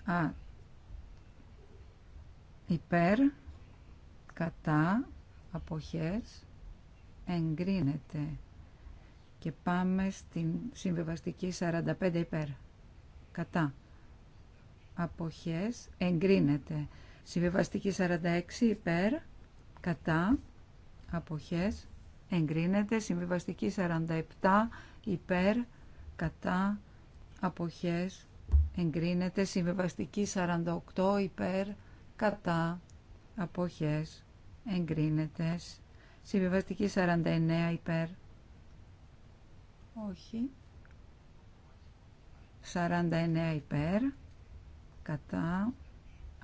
α, υπέρ, κατά, αποχές, εγκρίνεται. Και πάμε στην συμβιβαστική 45 υπέρ, κατά, αποχές, εγκρίνεται. Συμβιβαστική 46 υπέρ, κατά, αποχές εγκρίνεται συμβιβαστική 47 υπέρ κατά αποχές εγκρίνεται συμβιβαστική 48 υπέρ κατά αποχές εγκρίνεται συμβιβαστική 49 υπέρ όχι 49 υπέρ κατά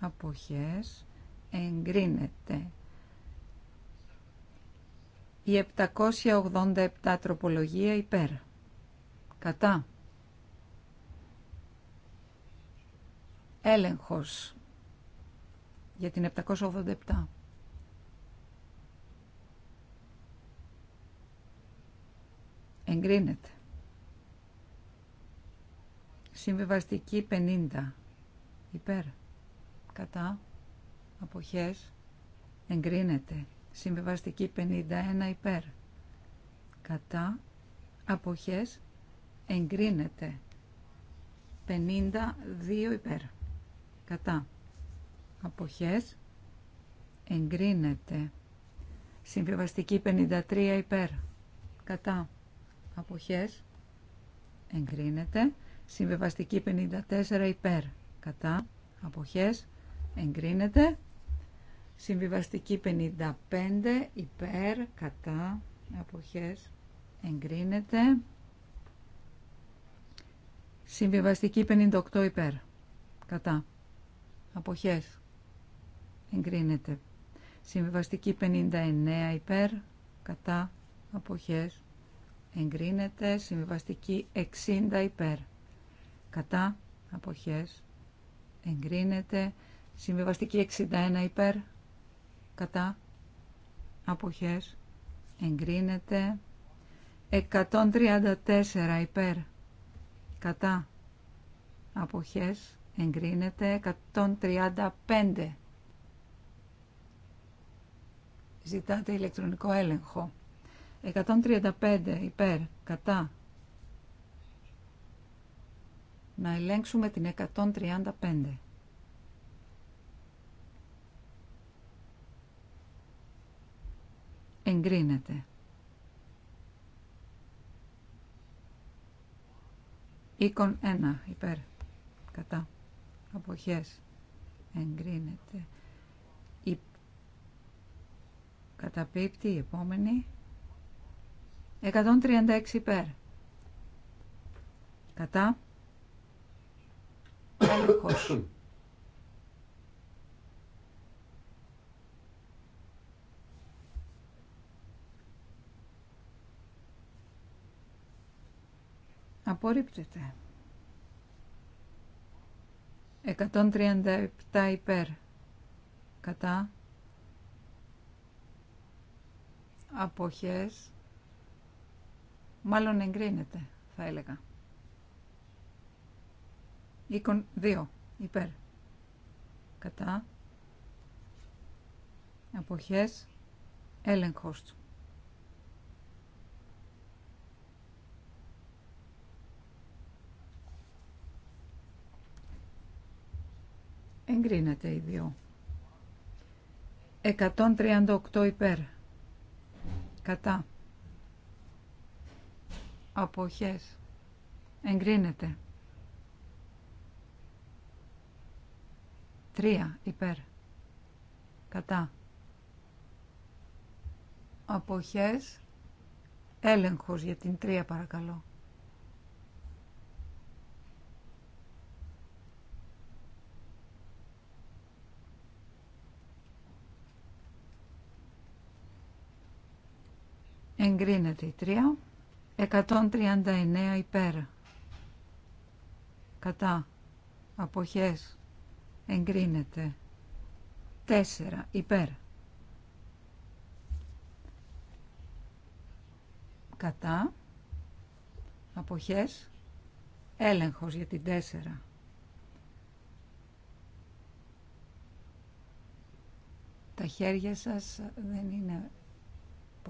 αποχές εγκρίνεται η 787 τροπολογία υπέρ. Κατά. Έλεγχος για την 787. Εγκρίνεται. Συμβιβαστική 50. Υπέρ. Κατά. Αποχές. Εγκρίνεται. Συμβιβαστική 51 υπέρ. Κατά αποχές εγκρίνεται. 52 υπέρ. Κατά αποχές εγκρίνεται. Συμβιβαστική 53 υπέρ. Κατά αποχές εγκρίνεται. Συμβιβαστική 54 υπέρ. Κατά αποχές εγκρίνεται. Συμβιβαστική 55 υπέρ, κατά, αποχές, εγκρίνεται. Συμβιβαστική 58 υπέρ, κατά, αποχές, εγκρίνεται. Συμβιβαστική 59 υπέρ, κατά, αποχές, εγκρίνεται. Συμβιβαστική 60 υπέρ, κατά, αποχές, εγκρίνεται. Συμβιβαστική 61 υπέρ, κατά αποχές εγκρίνεται 134 υπέρ κατά αποχές εγκρίνεται 135 ζητάτε ηλεκτρονικό έλεγχο 135 υπέρ κατά να ελέγξουμε την 135 εγκρίνεται. ένα, υπέρ κατά αποχές εγκρίνεται. Η... Καταπίπτει η επόμενη. 136 υπέρ. Κατά. Έλεγχος. Απορρίπτεται. 137 υπέρ. Κατά. Αποχές. Μάλλον εγκρίνεται, θα έλεγα. Οίκον 2 υπέρ. Κατά. Αποχές. Έλεγχος του. Εγκρίνεται οι δύο. 138 υπέρ. Κατά. Αποχές. Εγκρίνεται. 3 υπέρ. Κατά. Αποχές. Έλεγχος για την 3 παρακαλώ. Εγκρίνεται η τρία, 139 υπέρ. Κατά. Αποχές. Εγκρίνεται. 4 υπέρ. Κατά. Αποχές. Έλεγχος για την 4. Τα χέρια σας δεν είναι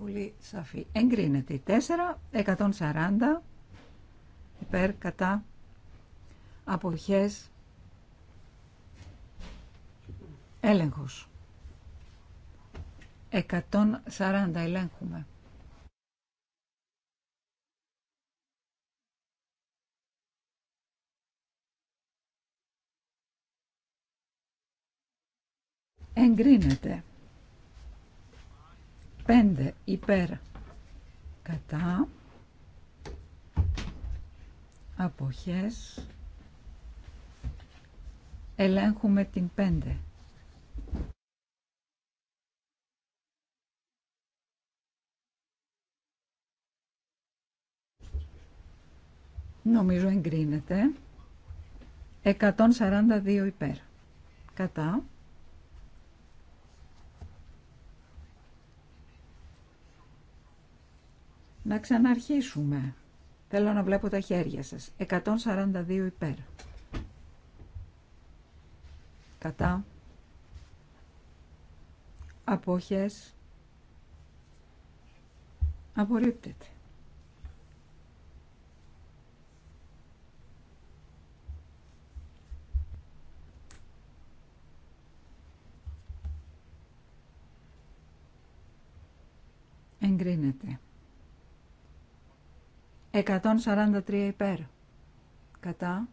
πολύ σαφή. Εγκρίνεται. 4, 140 υπέρ κατά αποχές έλεγχος. 140 ελέγχουμε. Εγκρίνεται. Πέντε υπέρ κατά αποχές ελέγχουμε την πέντε. νομίζω εγκρίνεται 142 υπέρ κατά Να ξαναρχίσουμε. Θέλω να βλέπω τα χέρια σας. 142 υπέρ. Κατά. Απόχες. Απορρίπτεται. Εγκρίνεται. 143 υπέρ. Κατά.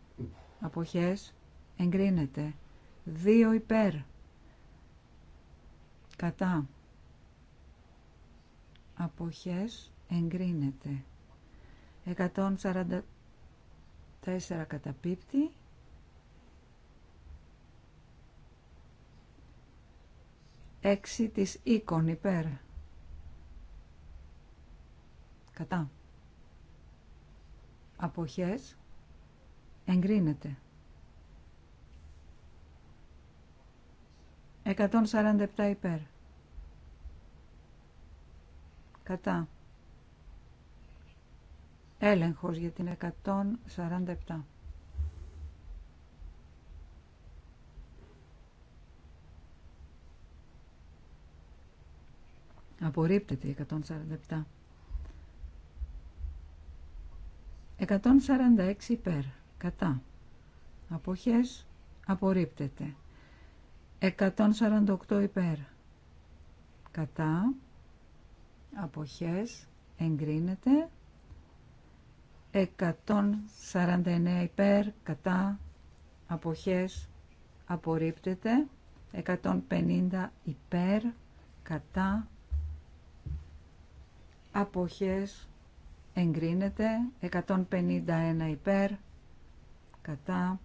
Αποχές. Εγκρίνεται. 2 υπέρ. Κατά. Αποχές. Εγκρίνεται. 144 καταπίπτει. 6 της οίκων υπέρ. Κατά αποχές εγκρίνεται. 147 υπέρ. Κατά. Έλεγχος για την 147. Απορρίπτεται η 147. 146 υπέρ. Κατά. Αποχές. Απορρίπτεται. 148 υπέρ. Κατά. Αποχές. Εγκρίνεται. 149 υπέρ. Κατά. Αποχές. Απορρίπτεται. 150 υπέρ. Κατά. Αποχές εγκρίνεται 151 υπέρ κατά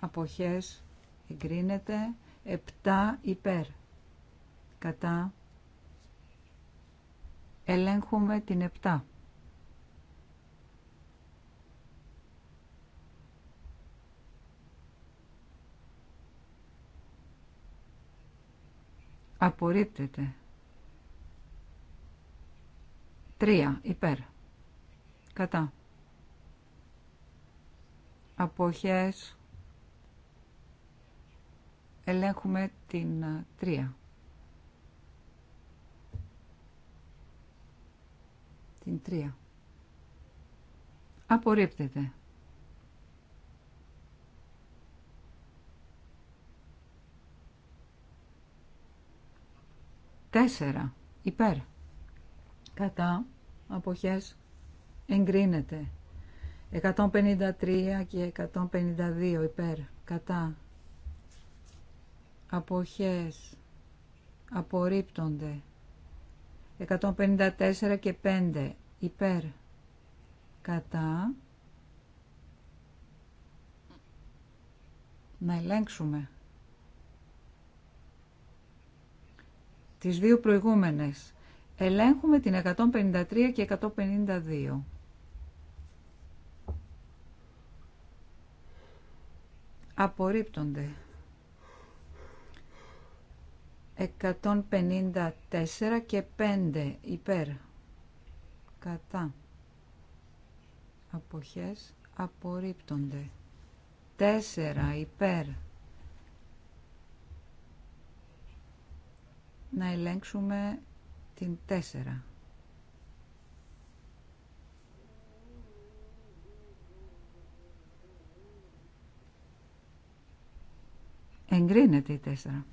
αποχές εγκρίνεται 7 υπέρ κατά ελέγχουμε την 7 απορρίπτεται Τρία, υπέρ. Κατά. Αποχές. Ελέγχουμε την ε, τρία. Την τρία. Απορρίπτεται. Τέσσερα. Υπέρ. Κατά αποχές εγκρίνεται 153 και 152 υπέρ κατά αποχές απορρίπτονται 154 και 5 υπέρ κατά να ελέγξουμε τις δύο προηγούμενες Ελέγχουμε την 153 και 152. Απορρίπτονται. 154 και 5 υπέρ. Κατά. Αποχές απορρίπτονται. 4 υπέρ. Να ελέγξουμε στην 4. Εγκρίνεται η τέσσερα.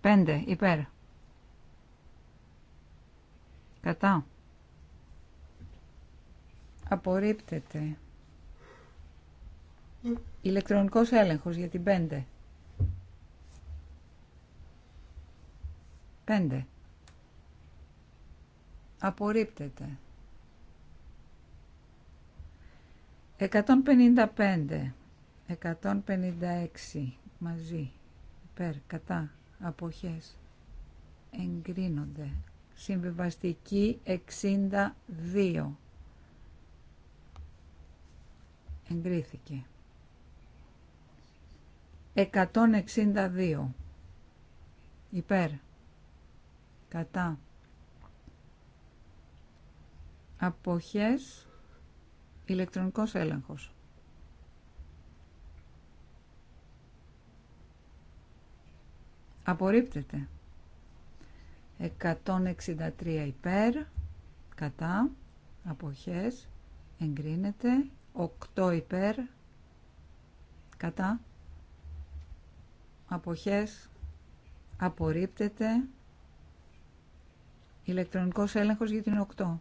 Πέντε, υπέρ. Κατά. Απορρίπτεται. Ηλεκτρονικός έλεγχος για την πέντε. 5. Απορρίπτεται. 155. 156 μαζί υπέρ κατά αποχές εγκρίνονται συμβιβαστική 62 εγκρίθηκε 162 υπέρ κατά αποχές ηλεκτρονικός έλεγχος. Απορρίπτεται. 163 υπέρ, κατά, αποχές, εγκρίνεται, 8 υπέρ, κατά, αποχές, απορρίπτεται, Ηλεκτρονικός έλεγχος για την 8.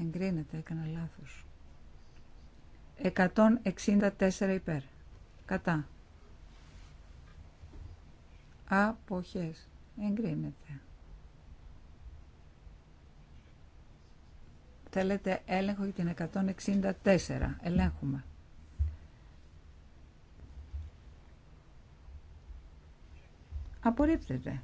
Εγκρίνεται, έκανα λάθος. 164 υπέρ. Κατά. Αποχές. Εγκρίνεται. Θέλετε έλεγχο για την 164. Ελέγχουμε. απορρίπτεται.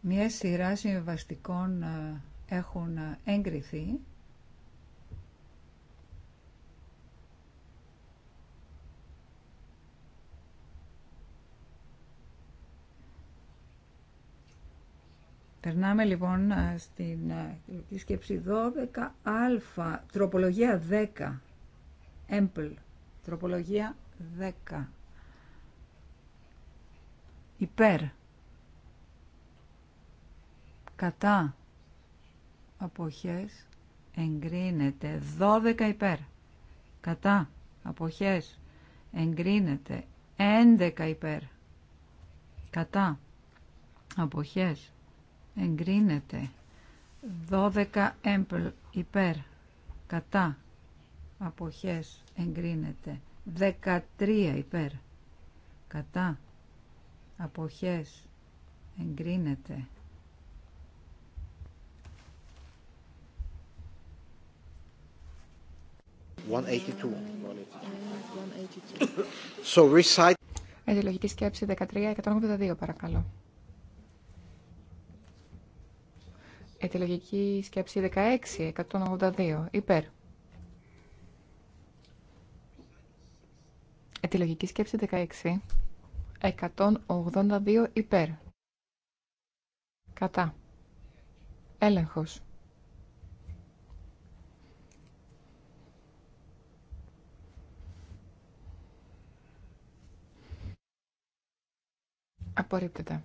Μια σειρά συμβαστικών ε, έχουν ε, εγκριθεί Περνάμε λοιπόν ε, στην ε, σκέψη 12α, τροπολογία 10, έμπλ, τροπολογία 10, υπέρ, κατά, αποχές, εγκρίνεται, 12 υπέρ, κατά, αποχές, εγκρίνεται, 11 υπέρ, κατά, αποχές, εγκρίνεται 12 έμπλ υπέρ κατά αποχές εγκρίνεται 13 υπέρ κατά αποχές εγκρίνεται Αιτιολογική σκέψη 13-182 παρακαλώ. Ετυλογική σκέψη 16, 182, υπέρ. Ετυλογική σκέψη 16, 182, υπέρ. Κατά. Έλεγχος. Απορρίπτεται.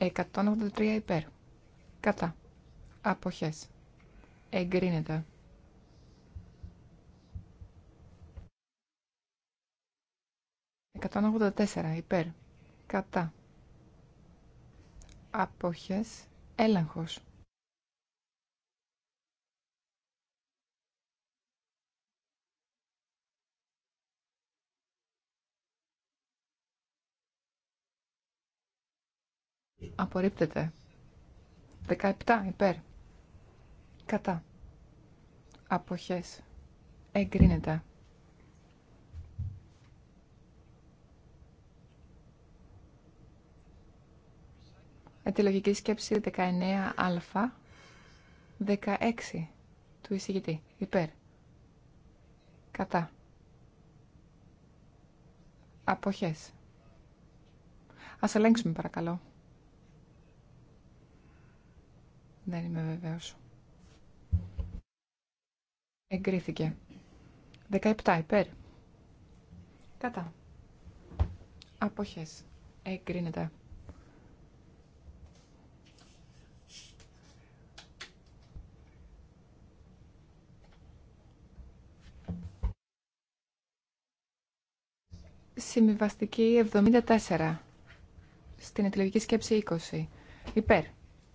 183 υπέρ. Κατά. Αποχές. Εγκρίνεται. Εκατόν υπέρ. Κατά. Αποχές. Έλεγχος. Απορρίπτεται. 17 υπέρ. Κατά. Αποχές. Εγκρίνεται. Ετυλογική σκέψη 19α 16 του εισηγητή. Υπέρ. Κατά. Αποχές. Ας ελέγξουμε παρακαλώ. Δεν είμαι βεβαίως. Εγκρίθηκε. 17 υπέρ. Κατά. Αποχές. Εγκρίνεται. Συμβιβαστική 74. Στην εκλογική σκέψη 20. Υπέρ.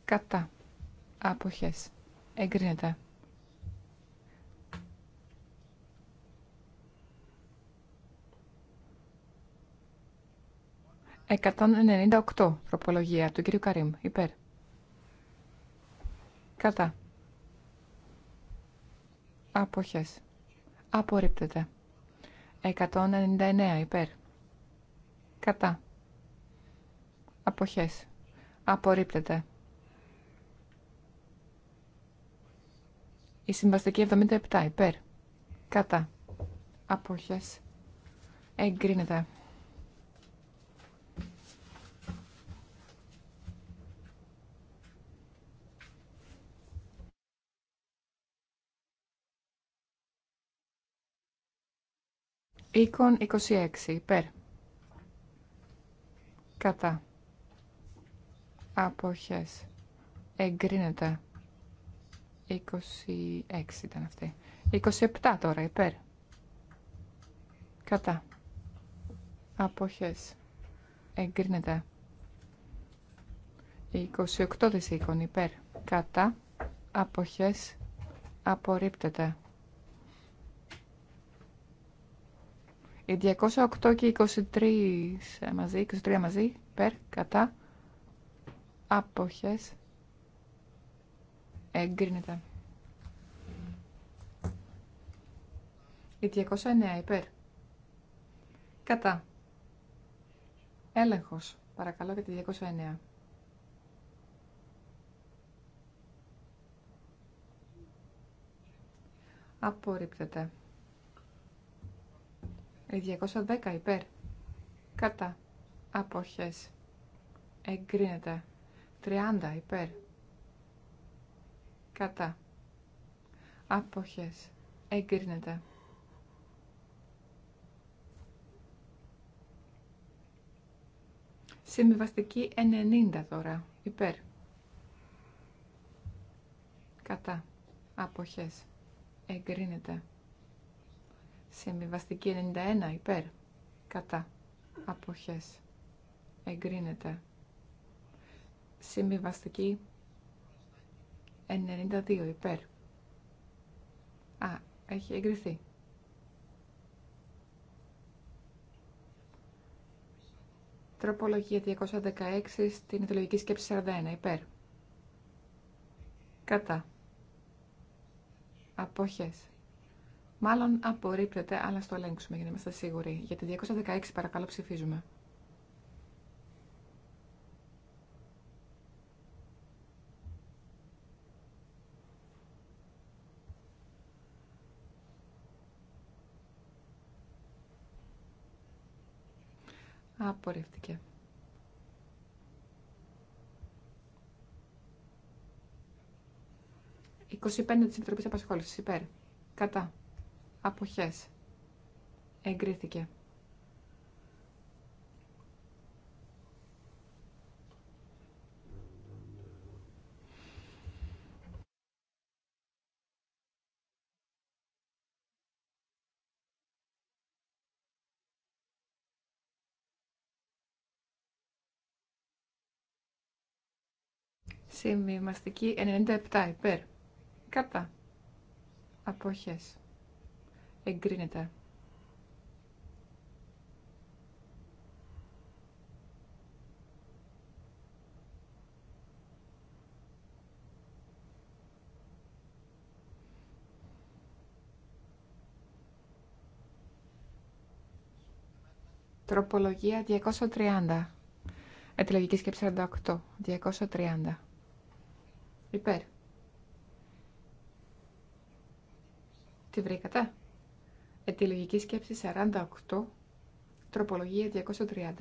Κατά. Αποχές. Εγκρίνεται. 198. Προπολογία του κύριου Καρύμ. Υπέρ. Κατά. Αποχές. Απορρίπτεται. 199 υπέρ. Κατά. Αποχές. Απορρίπτεται. Η συμβαστική 77 υπέρ. Κατά. Απόχες. Εγκρίνεται. Οίκον 26 υπέρ. Κατά. Απόχες. Εγκρίνεται. 26 ήταν αυτή. 27 τώρα υπέρ. Κατά. Αποχές. Εγκρίνεται. 28 της υπέρ. Κατά. Αποχές. Απορρίπτεται. Η 208 και 23 μαζί, 23 μαζί, υπέρ, κατά, άποχες, Εγκρίνεται. Η 209 υπέρ. Κατά. Έλεγχος. Παρακαλώ για τη 209. Απορρίπτεται. Η 210 υπέρ. Κατά. Αποχές. Εγκρίνεται. 30 υπέρ κατά αποχές εγκρίνεται. Συμβιβαστική 90 τώρα, υπέρ. Κατά. Αποχές. Εγκρίνεται. Συμβιβαστική 91, υπέρ. Κατά. Αποχές. Εγκρίνεται. Συμβιβαστική 92 υπέρ. Α, έχει εγκριθεί. Τροπολογία 216 στην ιδεολογική σκέψη 41 υπέρ. Κατά. Απόχες. Μάλλον απορρίπτεται, αλλά στο ελέγξουμε για να είμαστε σίγουροι. Για τη 216 παρακαλώ ψηφίζουμε. Απορρίφθηκε. «25 της Επιτροπής Απασχόλησης. Υπέρ. Κατά. Αποχές. Εγκρίθηκε. Συμβιβαστική 97 υπέρ. Κατά. Αποχές. Εγκρίνεται. Τροπολογία 230. Ετυλογική σκέψη 48. 230. Υπέρ. Τι βρήκατε? Ετυλογική σκέψη 48, τροπολογία 230.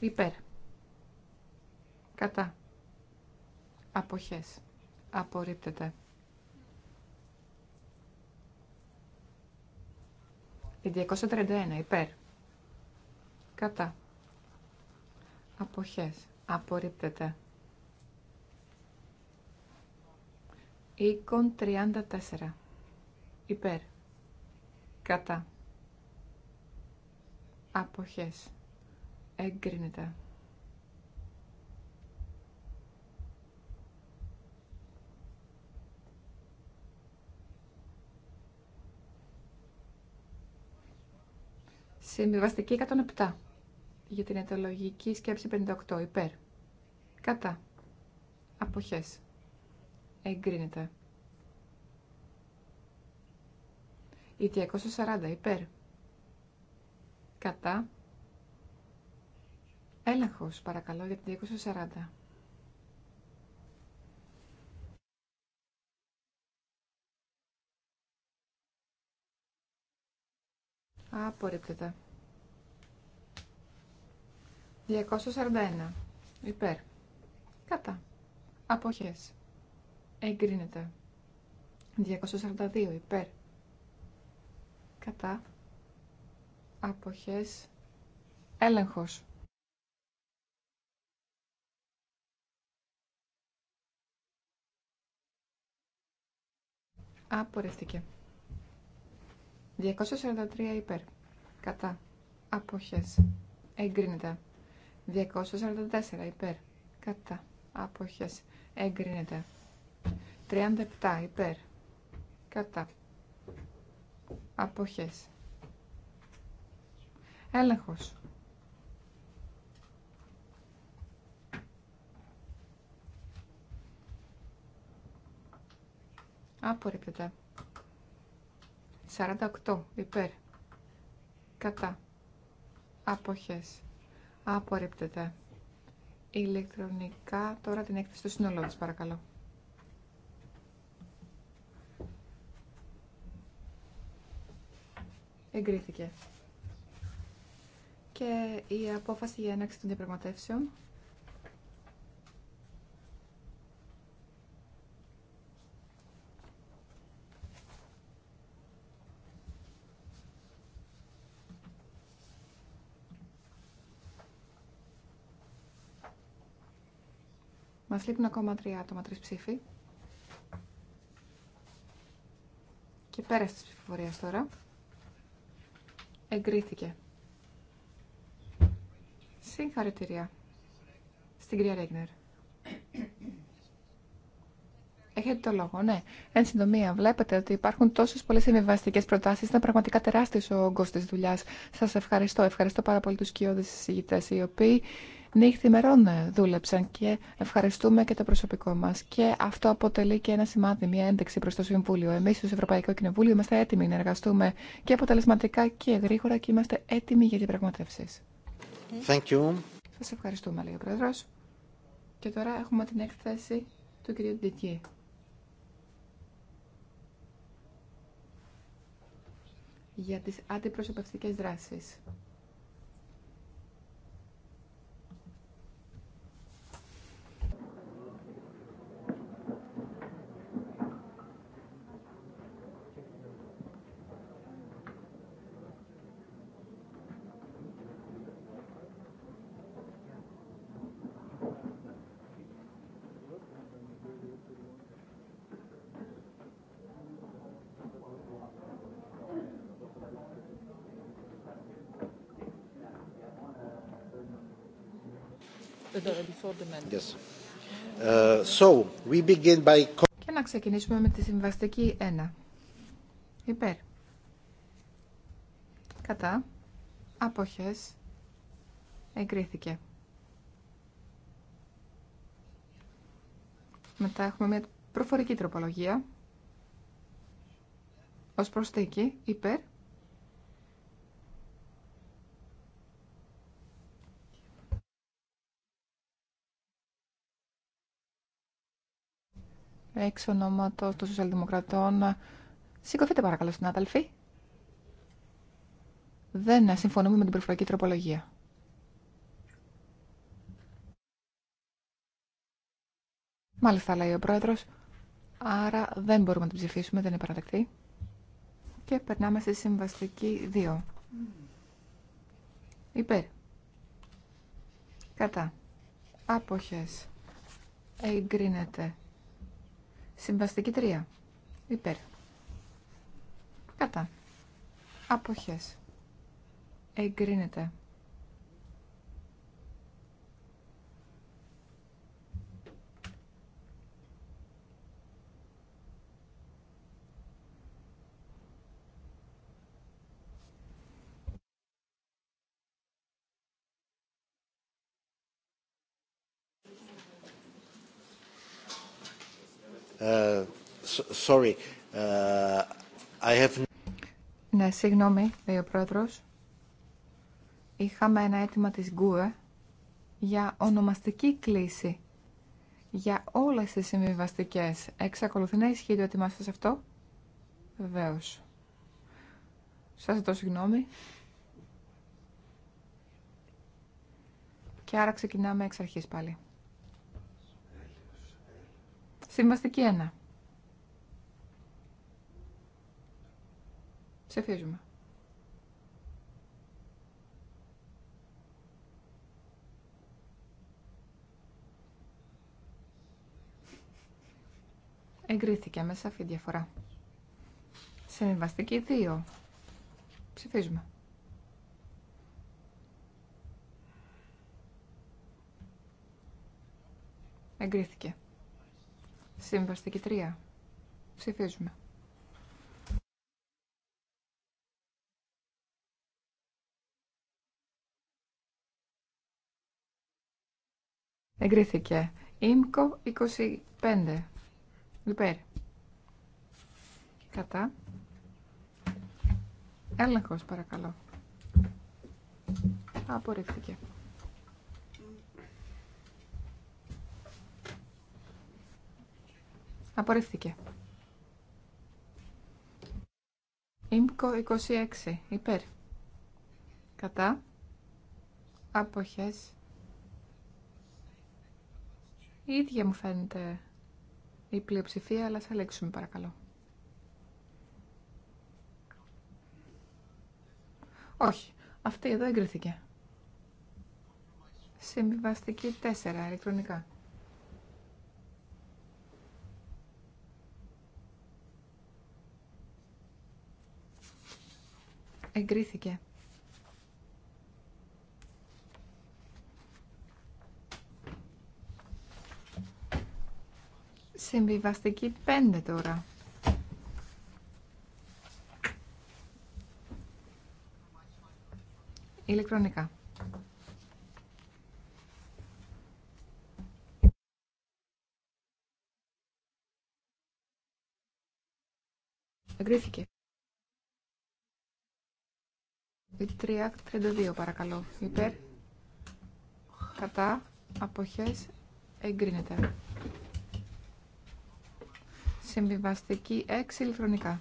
Υπέρ. Κατά. Αποχές. Απορρίπτεται. 231 υπέρ. Κατά. Αποχές. Απορρίπτεται. Οίκον 34. Υπέρ. Κατά. Αποχές. Εγκρίνεται. Συμβιβαστική 107 για την αιτιολογική σκέψη 58 υπέρ. Κατά. Αποχές. Εγκρίνεται. Η 240 υπέρ. Κατά. Έλεγχος παρακαλώ για την 240. Απορρίπτεται. 241. Υπέρ. Κατά. Αποχές. Εγκρίνεται. 242. Υπέρ. Κατά. Αποχές. Έλεγχος. Απορρίφθηκε. 243 υπέρ. Κατά. Αποχές. Εγκρίνεται. 244 υπέρ. Κατά. Αποχές. Εγκρίνεται. 37 υπέρ. Κατά. Αποχές. Έλεγχος. Απορρίπτεται. 48 υπέρ. Κατά. Αποχές. Απορρίπτεται. Ηλεκτρονικά τώρα την έκθεση του συνολό της παρακαλώ. Εγκρίθηκε. Και η απόφαση για έναξη των διαπραγματεύσεων. Μας λείπουν ακόμα τρία άτομα, τρεις ψήφοι. Και πέρασε τη ψηφοφορία τώρα. Εγκρίθηκε. Συγχαρητήρια. Στην κυρία Ρέγνερ. Έχετε το λόγο, ναι. Εν συντομία, βλέπετε ότι υπάρχουν τόσε πολλέ συμβιβαστικέ προτάσει. Ήταν πραγματικά τεράστιο ο όγκο τη δουλειά. Σα ευχαριστώ. Ευχαριστώ πάρα πολύ του κοιόδε συζητητέ, οι οποίοι μερών ε, δούλεψαν και ευχαριστούμε και το προσωπικό μας. Και αυτό αποτελεί και ένα σημάδι, μια ένταξη προς το Συμβούλιο. Εμείς στο Ευρωπαϊκό Κοινοβούλιο είμαστε έτοιμοι να εργαστούμε και αποτελεσματικά και γρήγορα και είμαστε έτοιμοι για διαπραγματεύσει. Thank ευχαριστούμε, λέει ο Πρόεδρος. Και τώρα έχουμε την έκθεση του κυρίου Ντιτιέ. για τις αντιπροσωπευτικές δράσεις. Ναι. Uh, Και να ξεκινήσουμε με τη συμβαστική 1. Υπέρ. Κατά. Αποχές. Εγκρίθηκε. Μετά έχουμε μια προφορική τροπολογία. Ως προσθήκη. Υπέρ. εξ ονόματο των Σοσιαλδημοκρατών. Σηκωθείτε παρακαλώ στην συνάδελφοι. Δεν συμφωνούμε με την προφορική τροπολογία. Μάλιστα, λέει ο πρόεδρο. Άρα δεν μπορούμε να την ψηφίσουμε, δεν είναι παραδεκτή. Και περνάμε στη συμβαστική 2. Υπέρ. Κατά. Άποχες. Εγκρίνεται. Συμβαστική τρία Υπέρ. Κατά. Αποχές. Εγκρίνεται. Uh, uh, ναι, συγγνώμη, λέει ο πρόεδρος. Είχαμε ένα αίτημα της Γκουε για ονομαστική κλίση για όλες τις συμβιβαστικέ. Εξακολουθεί να ισχύει το αίτημά σας αυτό. Βεβαίω. Σας ζητώ συγγνώμη. Και άρα ξεκινάμε εξ αρχής πάλι. Συμβαστική 1. Ψηφίζουμε. Εγκρίθηκε με σαφή διαφορά. Συμβαστική 2. Ψηφίζουμε. Εγκρίθηκε. Συμβαστική 3. Ψηφίζουμε. Εγκρίθηκε. Ήμκο 25. Υπέρ. Κατά. Έλεγχος παρακαλώ. Απορρίφθηκε. Απορρίφθηκε. Ήμπκο 26. Υπέρ. Κατά. Αποχές. Η ίδια μου φαίνεται η πλειοψηφία, αλλά θα λέξουμε παρακαλώ. Όχι. Αυτή εδώ εγκρίθηκε. Συμβιβαστική 4 ηλεκτρονικά. Εγκρίθηκε. Συμβιβαστική 5 τώρα. Ηλεκτρονικά. Εγκρίθηκε. Η 32 παρακαλώ. Υπέρ. Κατά. Αποχές. Εγκρίνεται. Συμβιβαστική 6 ηλεκτρονικά.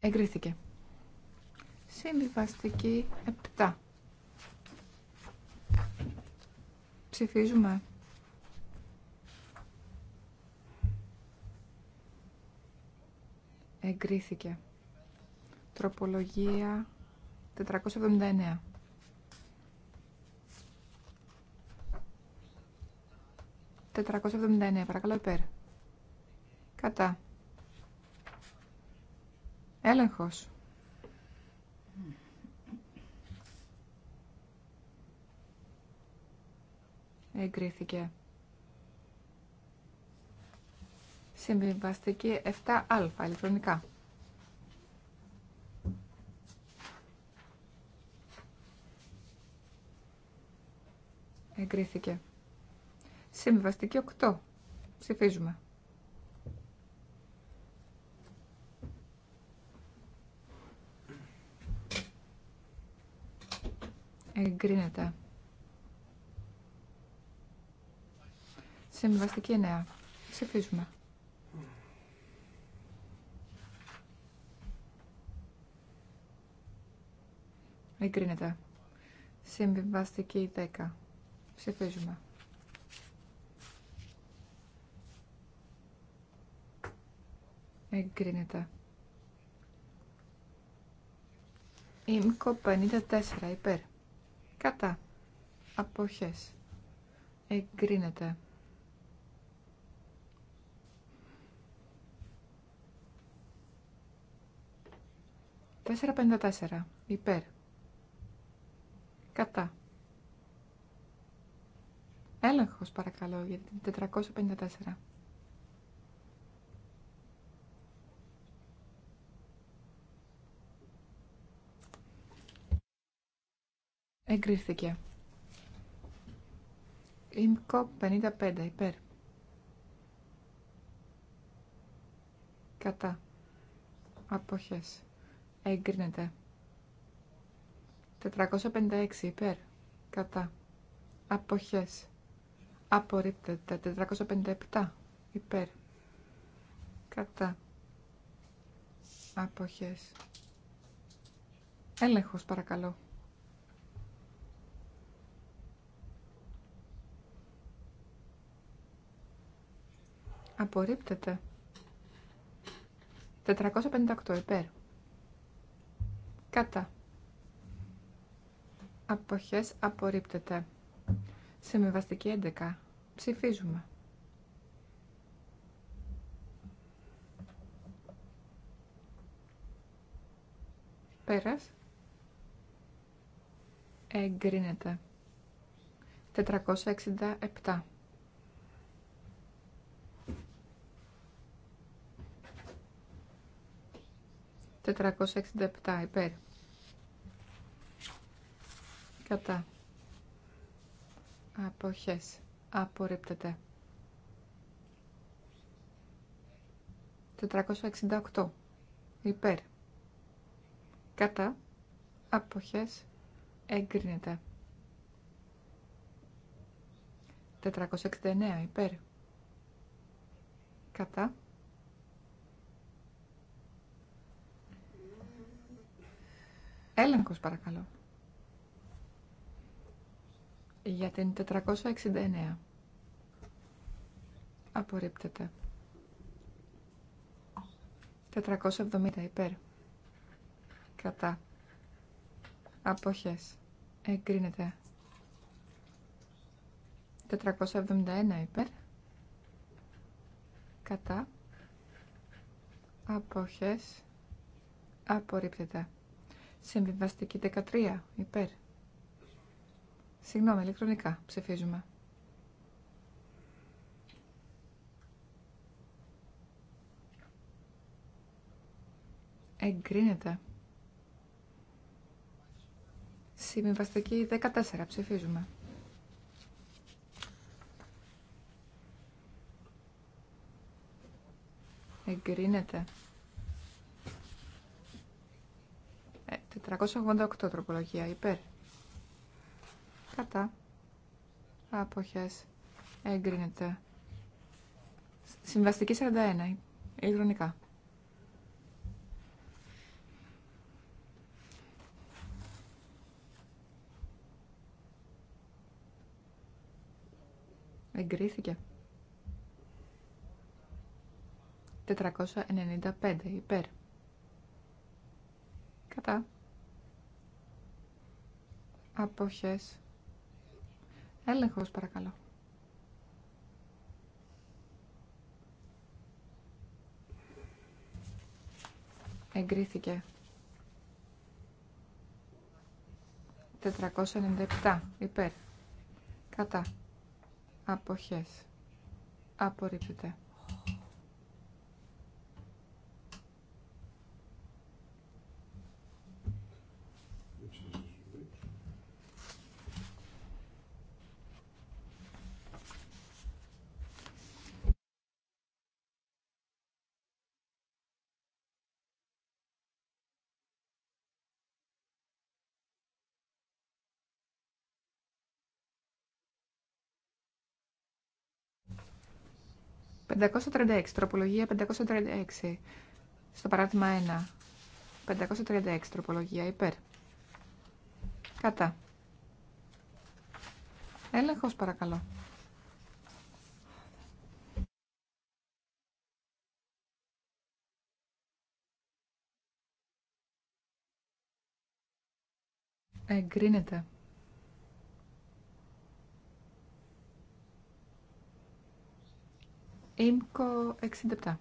Εγκρίθηκε. Συμβιβαστική 7. Ψηφίζουμε. Εγκρίθηκε. Τροπολογία 479. «479, παρακαλώ υπέρ». «Κατά». «Έλεγχος». Εγκρίθηκε. Συμβιβαστική 7α, ηλεκτρονικά. Εγκρίθηκε. Συμβιβαστική 8. Ψηφίζουμε. Εγκρίνεται. Συμβιβαστική 9. Ψηφίζουμε. Εγκρίνεται. Συμβιβαστική 10. Ψηφίζουμε. Εγκρίνεται. Ήμικο 54 υπέρ. Κατά. Αποχές. Εγκρίνεται. Τέσσερα Υπέρ. Κατά. Έλεγχος παρακαλώ για την 454. Εγκρίθηκε. ΥΜΚΟ 55 υπέρ. Κατά. Αποχές. Εγκρίνεται. 456 υπέρ. Κατά. Αποχές. Απορρίπτεται. 457 υπέρ. Κατά. Αποχές. Έλεγχος παρακαλώ. Απορρίπτεται. 458 υπέρ. Κατά αποχές απορρίπτεται. Σεμεβαστική 11. Ψηφίζουμε. Πέρας. Εγκρίνεται. 467. 467. υπέρ. Κατά. Αποχές. Απορρίπτεται. 468. Υπέρ. Κατά. Αποχές. Εγκρίνεται. 469. Υπέρ. Κατά. Έλεγχος παρακαλώ για την 469. Απορρίπτεται. 470 υπέρ. Κατά. Αποχές. Εγκρίνεται. 471 υπέρ. Κατά. Αποχές. Απορρίπτεται. Συμβιβαστική 13 υπέρ. Συγγνώμη, ηλεκτρονικά ψηφίζουμε. Εγκρίνεται. Συμβαστική 14 ψηφίζουμε. Εγκρίνεται. 488 ε, τροπολογία υπέρ κατά αποχές εγκρίνεται. Συμβαστική 41, ηλεκτρονικά. Εγκρίθηκε. 495 υπέρ. Κατά. Αποχές Έλεγχος παρακαλώ. Εγκρίθηκε. 497 υπέρ. Κατά. Αποχές. Απορρίπτεται. 536, τροπολογία 536. Στο παράδειγμα 1. 536, τροπολογία υπέρ. Κατά. Έλεγχος παρακαλώ. Εγκρίνεται. ΙΜΚΟ 67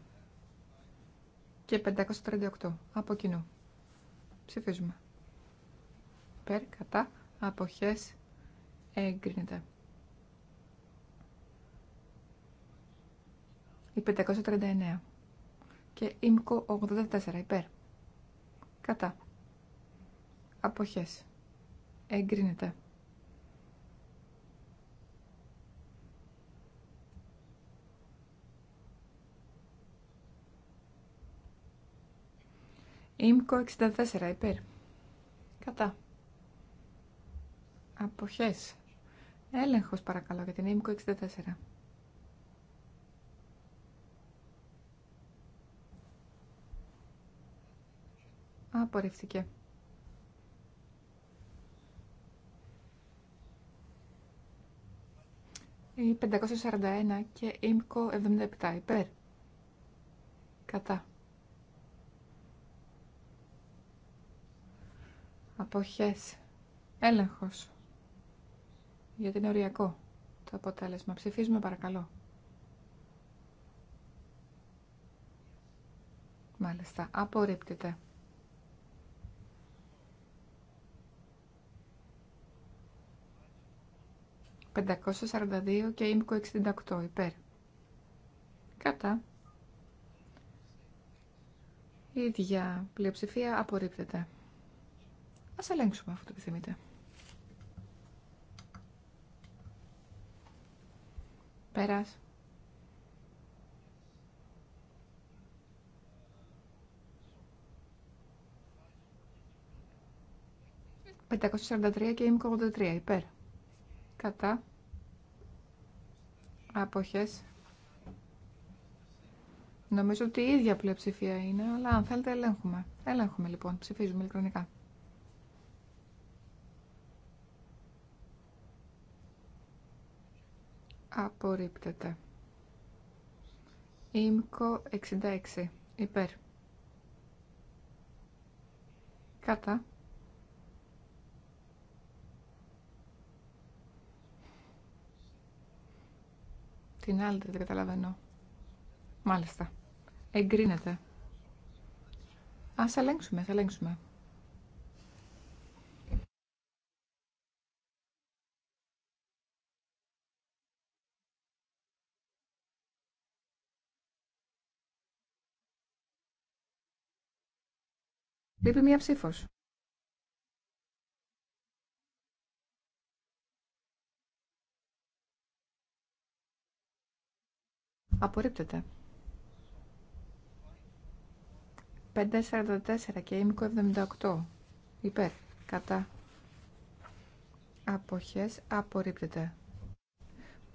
και 538 από κοινού. Ψηφίζουμε. Περ, κατά, αποχές, εγκρίνεται. Η 539 και ΙΜΚΟ 84 υπέρ. Κατά. Αποχές. Εγκρίνεται. Ήμκο 64 υπέρ. Κατά. Αποχές. Έλεγχος παρακαλώ για την Ήμκο 64. Απορρίφθηκε. Η 541 και ΙΜΚΟ 77 υπέρ. Κατά. Αποχές. Έλεγχος. Γιατί είναι οριακό το αποτέλεσμα. Ψηφίζουμε παρακαλώ. Μάλιστα. Απορρίπτεται. «542 και ΙΜΚΟ 68 υπέρ». Κατά. Η ίδια πλειοψηφία απορρίπτεται. Ας ελέγξουμε αυτό το επιθυμείτε. Πέρας. «543 και ΙΜΚΟ 83 υπέρ» κατά αποχές νομίζω ότι η ίδια πλειοψηφία είναι αλλά αν θέλετε ελέγχουμε ελέγχουμε λοιπόν ψηφίζουμε ηλεκτρονικά Απορρίπτεται. Ήμκο 66. Υπέρ. Κατά. Την άλλη δεν καταλαβαίνω. Μάλιστα. Εγκρίνεται. Ας ελέγξουμε, ας ελέγξουμε. Λείπει μία ψήφος. Απορρίπτεται. 544 και ημικο 78. Υπέρ. Κατά. Αποχές. Απορρίπτεται.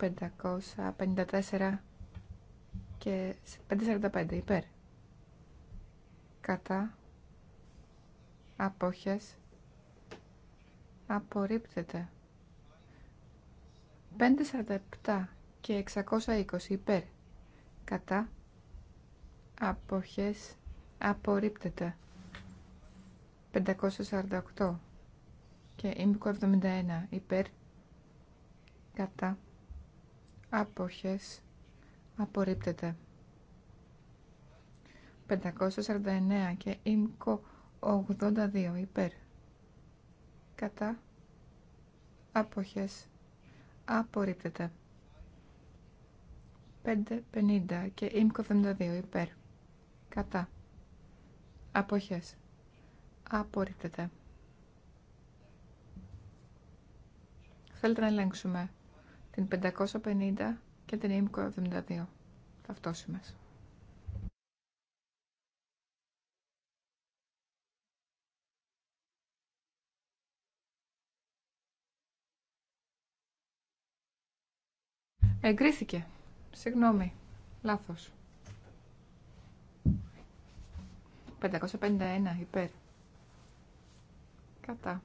554 και 545. Υπέρ. Κατά απόχες απορρίπτεται 547 και 620 υπέρ κατά απόχες απορρίπτεται 548 και ύμικο 71 υπέρ κατά απόχες απορρίπτεται 549 και 71. 82 υπέρ κατά αποχές απορρίπτεται 5.50 και ΙΜΚΟ 72 υπέρ κατά αποχές απορρίπτεται Θέλετε να ελέγξουμε την 550 και την ΙΜΚΟ 72 ταυτόσιμες. Εγκρίθηκε. Συγγνώμη. Λάθος. 551 υπέρ. Κατά.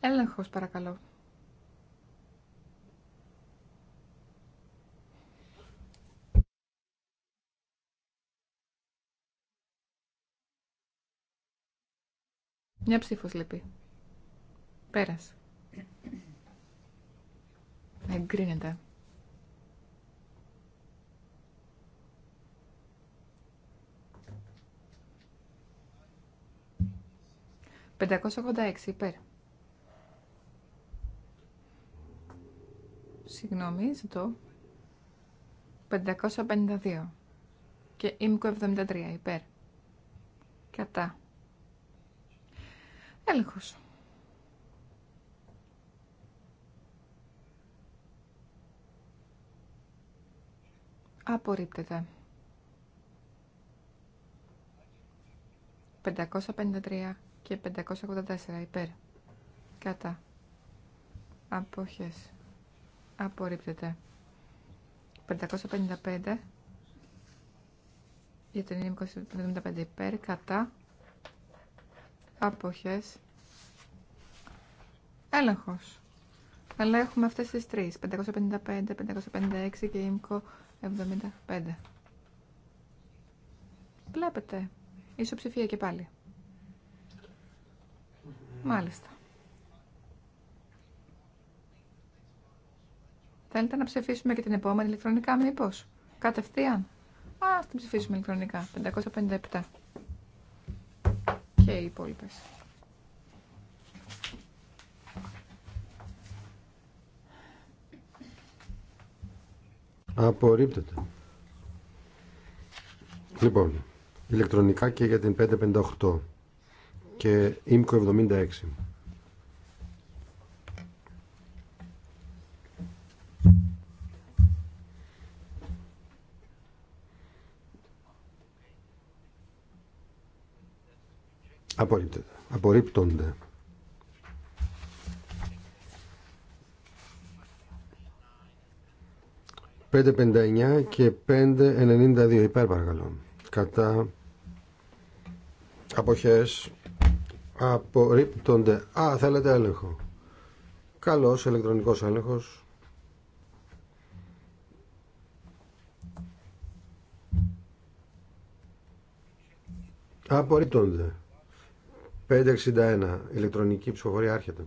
Έλεγχο παρακαλώ. Μια ψήφος λείπει. Πέρασε. Εγκρίνεται. Πεντακόσια υπέρ. Συγγνώμη, ζητώ. 552 και ΙΜΚΟ 73 υπέρ. Κατά. Έλεγχος. Απορρίπτεται. 553 και 584 υπέρ. Κατά. Απόχες. Απορρίπτεται. 555 για την 25 υπέρ. Κατά. Απόχες. Έλεγχος. Αλλά έχουμε αυτές τις τρεις. 555, 556 και 75. Βλέπετε. Ισοψηφία και πάλι. Μάλιστα. Θέλετε να ψηφίσουμε και την επόμενη ηλεκτρονικά μήπως. Κατευθείαν. Α, την ψηφίσουμε ηλεκτρονικά. 557. Και οι υπόλοιπες. Απορρίπτεται. Λοιπόν, ηλεκτρονικά και για την 558 και ΙΜΚΟ 76. Απορρίπτεται. Απορρίπτονται. 559 και 592 υπέρ παρακαλώ. Κατά αποχές απορρίπτονται. Α, θέλετε έλεγχο. Καλός ηλεκτρονικός έλεγχος. Απορρίπτονται. 561 ηλεκτρονική ψηφοφορία άρχεται.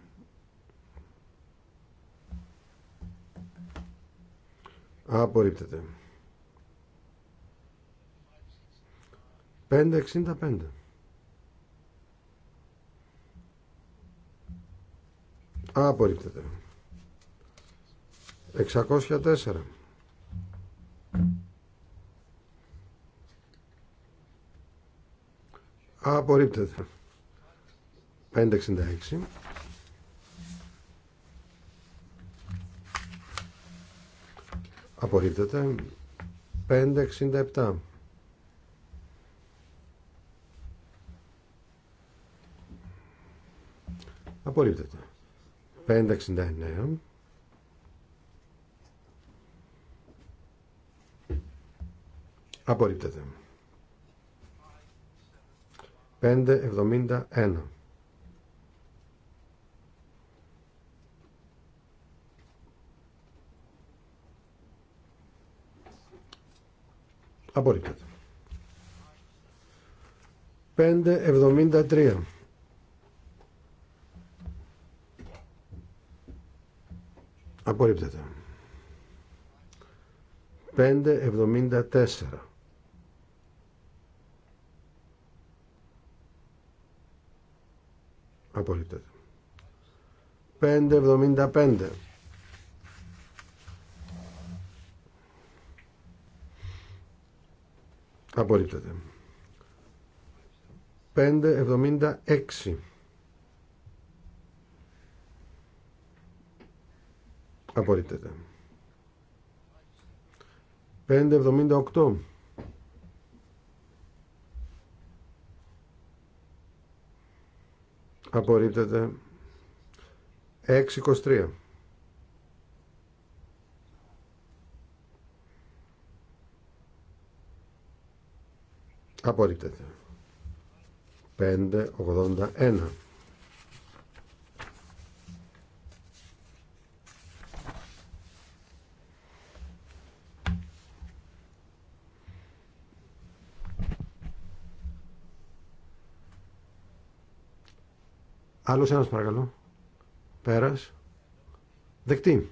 Απορρίπτεται. 5.65. Απορρίπτεται. 604. Απορρίπτεται. 566. Απορρίπτεται. 567. Απορρίπτεται. 569. Απορρίπτεται. 571. Απορρίπτεται. 573. Απορρίπτεται. 574. Απορρίπτεται. 575. Απορρίπτεται. 5.76 Απορρίπτεται. 5.78 Απορρίπτεται. 6.23 Απορρίπτεται. 581. Άλλος ένας παρακαλώ. Πέρας. Δεκτή.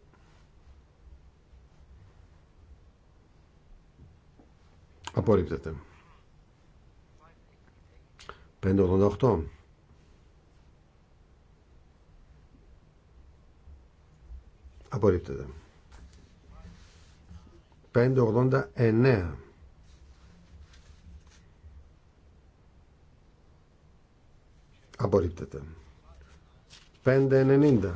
Απορρίπτεται. 588. Απορρίπτεται. 589. Απορρίπτεται. 590.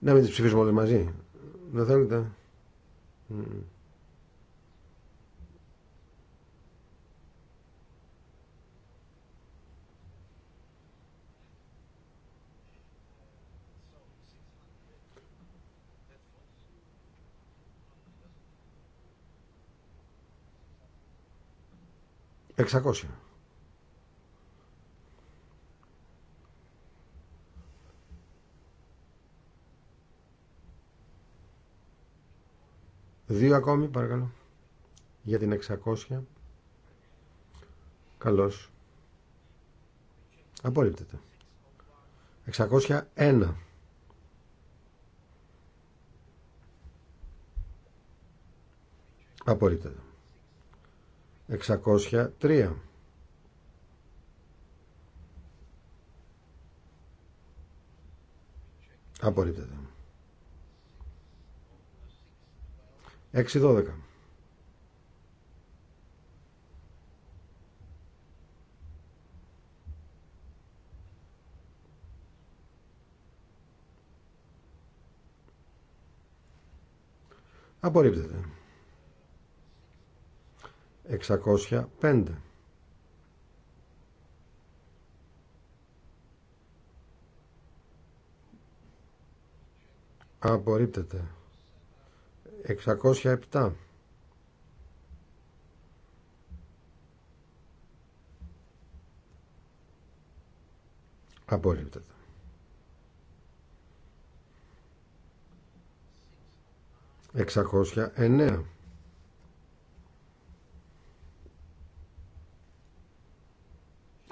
Να μην τις ψηφίσουμε όλες μαζί. Δεν θέλετε. Εξακόσια. Δύο ακόμη, παρακαλώ. Για την 600. Καλώς. Απόλυπτεται. 601. Απορρίπτεται. 603. Απορρίπτεται. 6-12. Απορρίπτεται. 605. Απορρίπτεται. 607 απορρίπτεται 609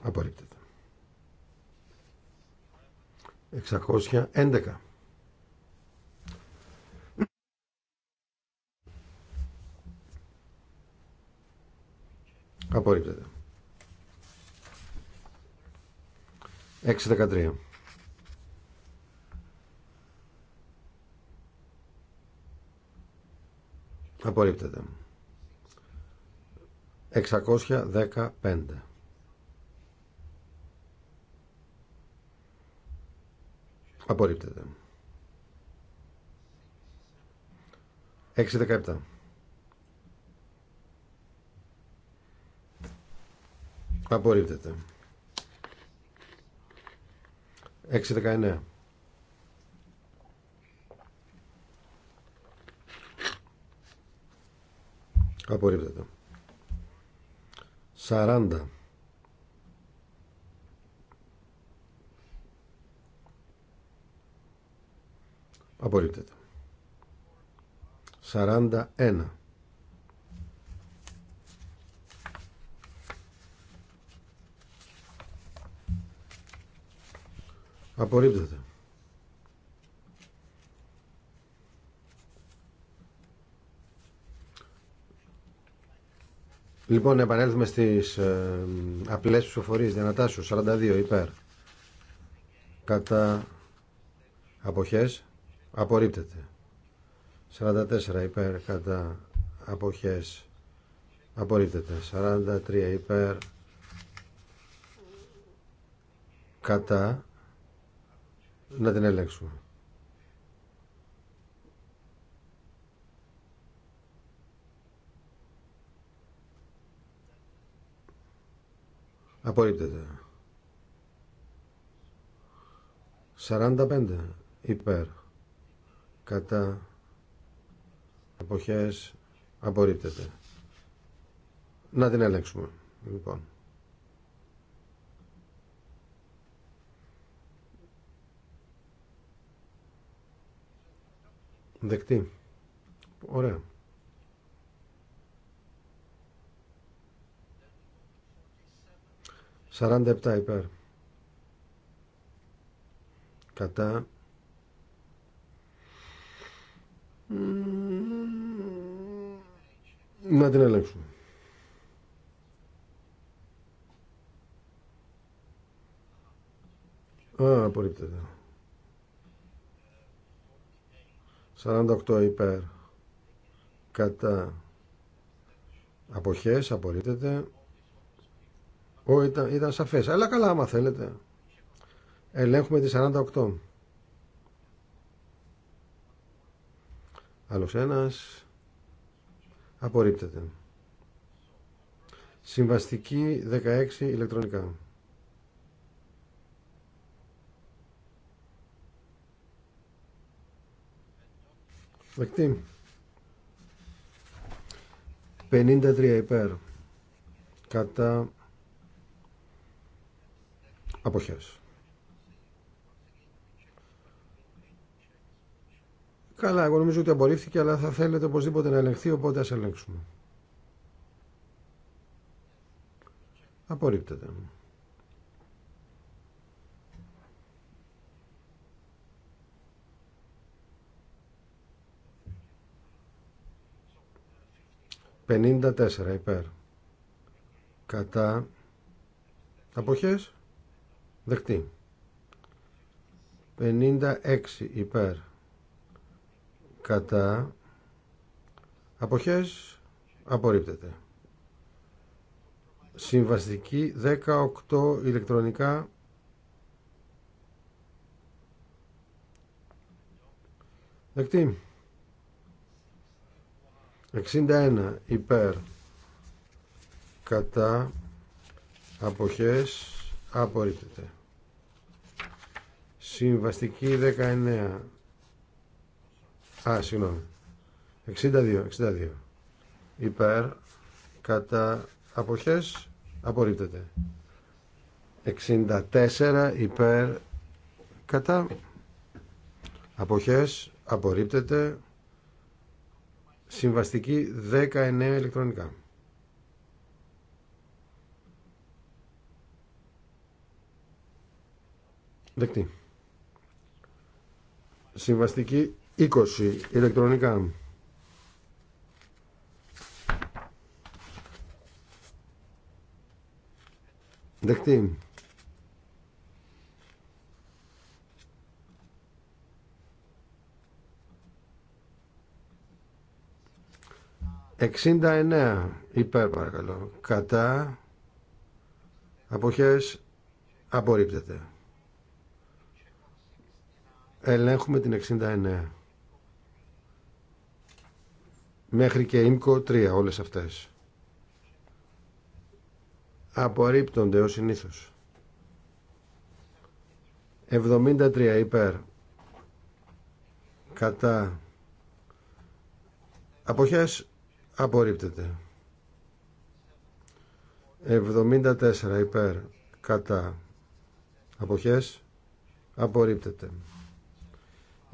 απορρίπτεται 611 Απορρίπτεται. 6.13. Απορρίπτεται. 615. Απορρίπτεται. 617. Απορρίπτεται. 6-19. Απορρίπτεται. 40. Απορρίπτεται. 41. Απορρίπτεται. Λοιπόν, επανέλθουμε στις ε, απλές ψηφοφορίες. Διανατάσσου, 42 υπέρ. Κατά αποχές, απορρίπτεται. 44 υπέρ, κατά αποχές, απορρίπτεται. 43 υπέρ, κατά να την ελέγξουμε. Απορρίπτεται. 45 υπέρ κατά εποχές απορρίπτεται. Να την ελέγξουμε λοιπόν. Δεκτή. Ωραία. Σαράντα επτά υπέρ. Κατά. Να την ελέγξουμε. Α, απορρίπτεται. 48 υπέρ κατά αποχές απορρίπτεται Ό, ήταν, ήταν σαφές αλλά καλά άμα θέλετε ελέγχουμε τη 48 άλλος ένας απορρίπτεται συμβαστική 16 ηλεκτρονικά Δεκτή. 53 υπέρ. Κατά αποχές. Καλά, εγώ νομίζω ότι απορρίφθηκε, αλλά θα θέλετε οπωσδήποτε να ελεγχθεί, οπότε ας ελέγξουμε. Απορρίπτεται. 54 υπέρ κατά αποχές δεκτή 56 υπέρ κατά αποχές απορρίπτεται συμβαστική 18 ηλεκτρονικά δεκτή 61 υπέρ κατά αποχές απορρίπτεται συμβαστική 19 α συγγνώμη 62 62 υπέρ κατά αποχές απορρίπτεται 64 υπέρ κατά αποχές απορρίπτεται Συμβαστική 19 ηλεκτρονικά. Δεκτή. Συμβαστική 20 ηλεκτρονικά. Δεκτή. 69 υπέρ παρακαλώ. Κατά αποχές απορρίπτεται. Ελέγχουμε την 69. Μέχρι και ΙΜΚΟ 3 όλες αυτές. Απορρίπτονται ως συνήθως. 73 υπέρ. Κατά. Αποχές Απορρίπτεται. 74 υπέρ κατά αποχές απορρίπτεται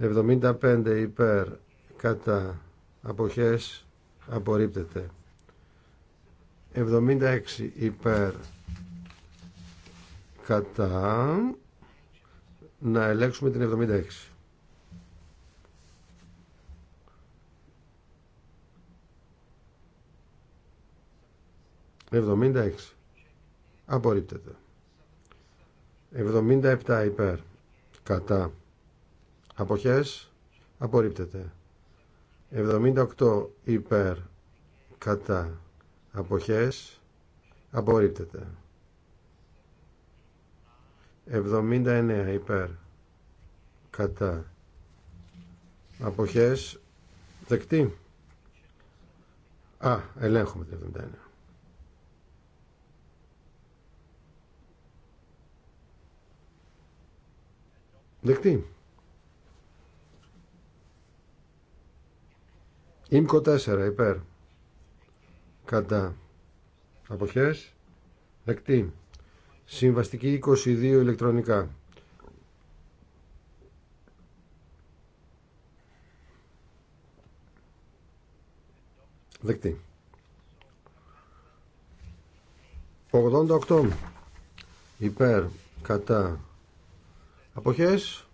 75 υπέρ κατά αποχές απορρίπτεται 76 υπέρ κατά να ελέγξουμε την 76 76 απορρίπτεται 77 υπέρ κατά αποχές απορρίπτεται 78 υπέρ κατά αποχές απορρίπτεται 79 υπέρ κατά αποχές δεκτή α, ελέγχουμε την 79 Δεκτή. Ήμκο 4 υπέρ. Κατά. Αποχές. Δεκτή. Συμβαστική 22 ηλεκτρονικά. Δεκτή. 88 υπέρ κατά Αποχές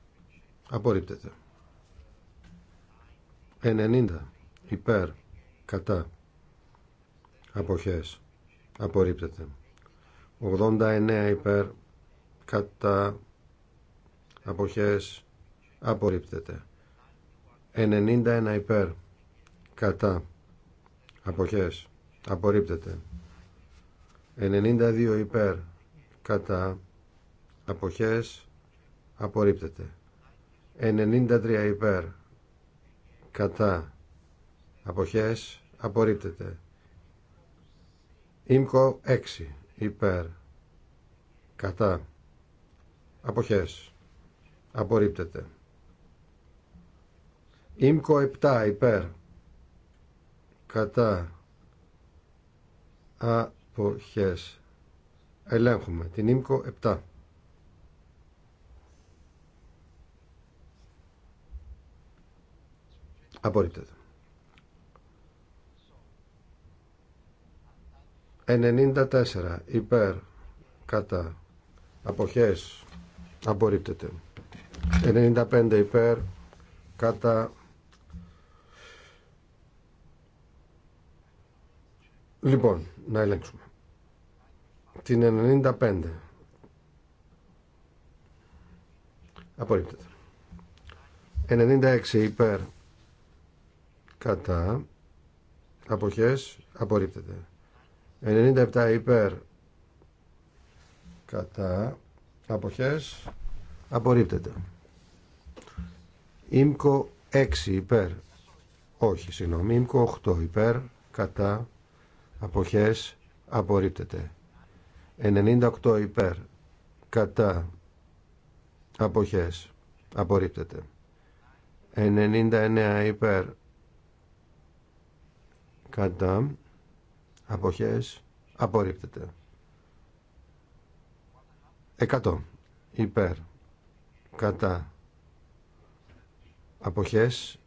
απορρίπτεται. 90 υπέρ κατά αποχές απορρίπτεται. 89 υπέρ κατά αποχές απορρίπτεται. 91 υπέρ κατά αποχές απορρίπτεται. 92 υπέρ κατά αποχές απορρίπτεται 93 υπέρ κατά αποχές απορρίπτεται Ήμκο 6 υπέρ κατά αποχές απορρίπτεται Ήμκο 7 υπέρ κατά αποχές ελέγχουμε την Ήμκο 7 Απορρίπτεται. 94 υπέρ κατά αποχές απορρίπτεται 95 υπέρ κατά λοιπόν να ελέγξουμε την 95 απορρίπτεται 96 υπέρ κατά αποχές απορρίπτεται 97 υπέρ κατά αποχές απορρίπτεται ΙΜΚΟ 6 υπέρ όχι συγγνώμη ΙΜΚΟ 8 υπέρ κατά αποχές απορρίπτεται 98 υπέρ κατά αποχές απορρίπτεται 99 υπέρ κατά αποχές απορρίπτεται 100 υπέρ κατά αποχές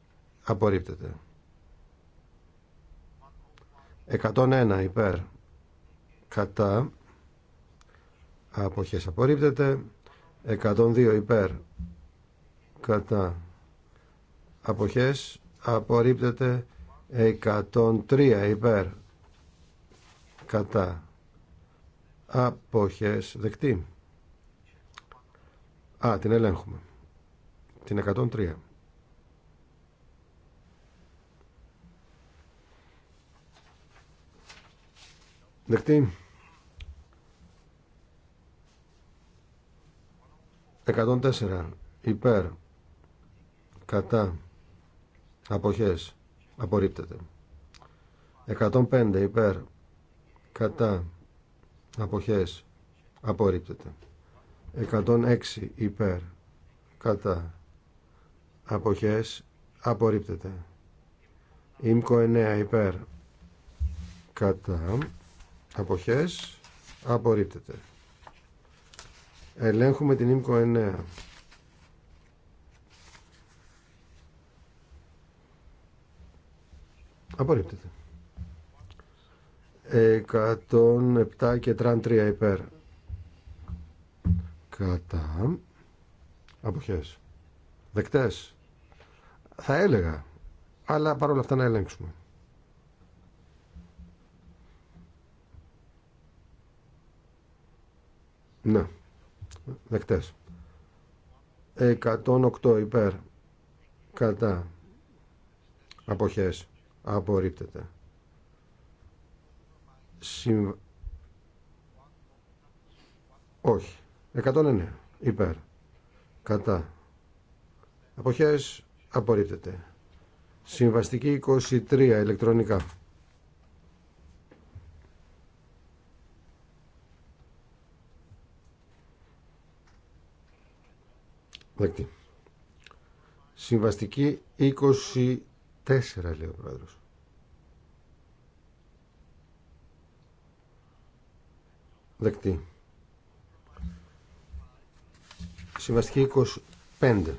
απορρίπτεται 101 υπέρ κατά αποχές απορρίπτεται 102 υπέρ κατά αποχές απορρίπτεται 103 υπέρ κατά αποχές δεκτή α την ελέγχουμε την 103 δεκτή 104 υπέρ κατά αποχές Απορρίπτεται. 105 υπέρ κατά αποχές απορρίπτεται. 106 υπέρ κατά αποχές απορρίπτεται. Ήμκο 9 υπέρ κατά αποχές απορρίπτεται. Ελέγχουμε την Ήμκο 9. Απορρίπτεται. 107 και τραν 3 υπέρ. Κατά. Αποχές. Δεκτές. Θα έλεγα. Αλλά παρόλα αυτά να ελέγξουμε. Ναι. Δεκτές. 108 υπέρ. Κατά. Αποχές απορρίπτεται Συμ... όχι 109 υπέρ κατά αποχές απορρίπτεται συμβαστική 23 ηλεκτρονικά δεκτή συμβαστική 23. Τέσσερα λέει ο πρόεδρος. Δεκτή. Συμβαστική 25.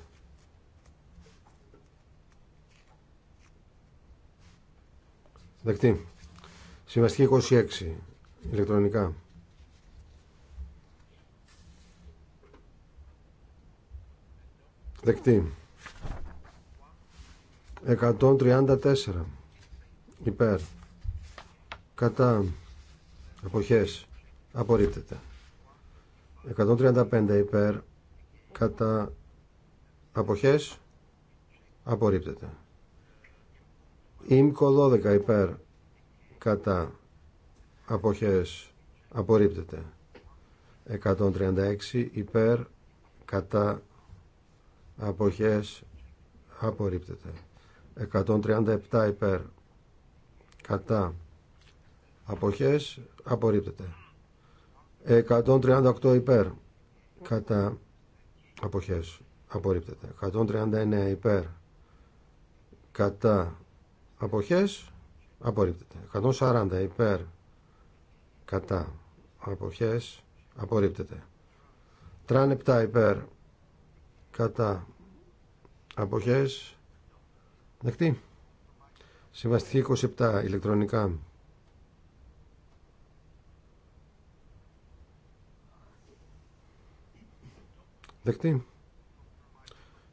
Δεκτή. Συμβαστική 26. Ηλεκτρονικά. Δεκτή. 134 υπέρ κατά αποχές απορρίπτεται 135 υπέρ κατά αποχές απορρίπτεται ΙΜΚΟ 12 υπέρ κατά αποχές απορρίπτεται 136 υπέρ κατά αποχές απορρίπτεται 137 υπέρ κατά αποχές απορρίπτεται 138 υπέρ κατά αποχές απορρίπτεται 139 υπέρ κατά αποχές απορρίπτεται 140 υπέρ κατά αποχές απορρίπτεται τραν 7 υπέρ κατά αποχές Δεκτή. Συμβαστική 27 ηλεκτρονικά. Δεκτή.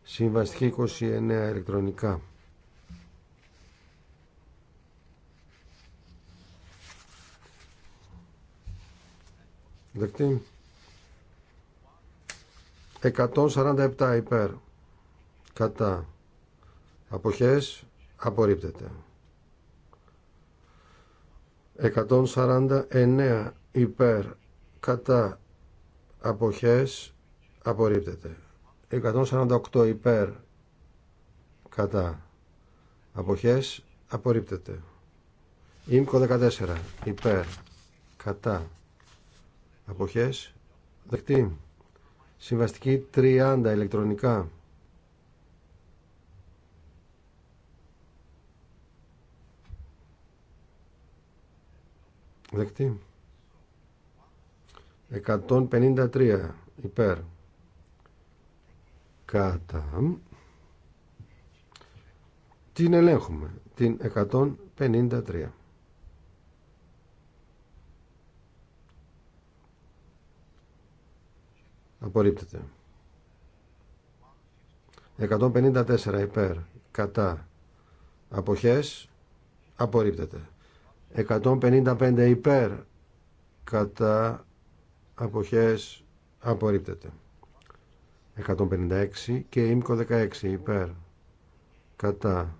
Συμβαστική 29 ηλεκτρονικά. Δεκτή. 147 υπέρ. Κατά αποχές απορρίπτεται 149 υπέρ κατά αποχές απορρίπτεται 148 υπέρ κατά αποχές απορρίπτεται Ήμκο 14 υπέρ κατά αποχές δεκτή συμβαστική 30 ηλεκτρονικά Δεκτή. 153 υπέρ. Κατά. Την ελέγχουμε. Την 153. Απορρίπτεται. 154 υπέρ. Κατά. Αποχές. Απορρίπτεται. 155 υπέρ κατά αποχές απορρίπτεται 156 και ΙΜΚΟ 16 υπέρ κατά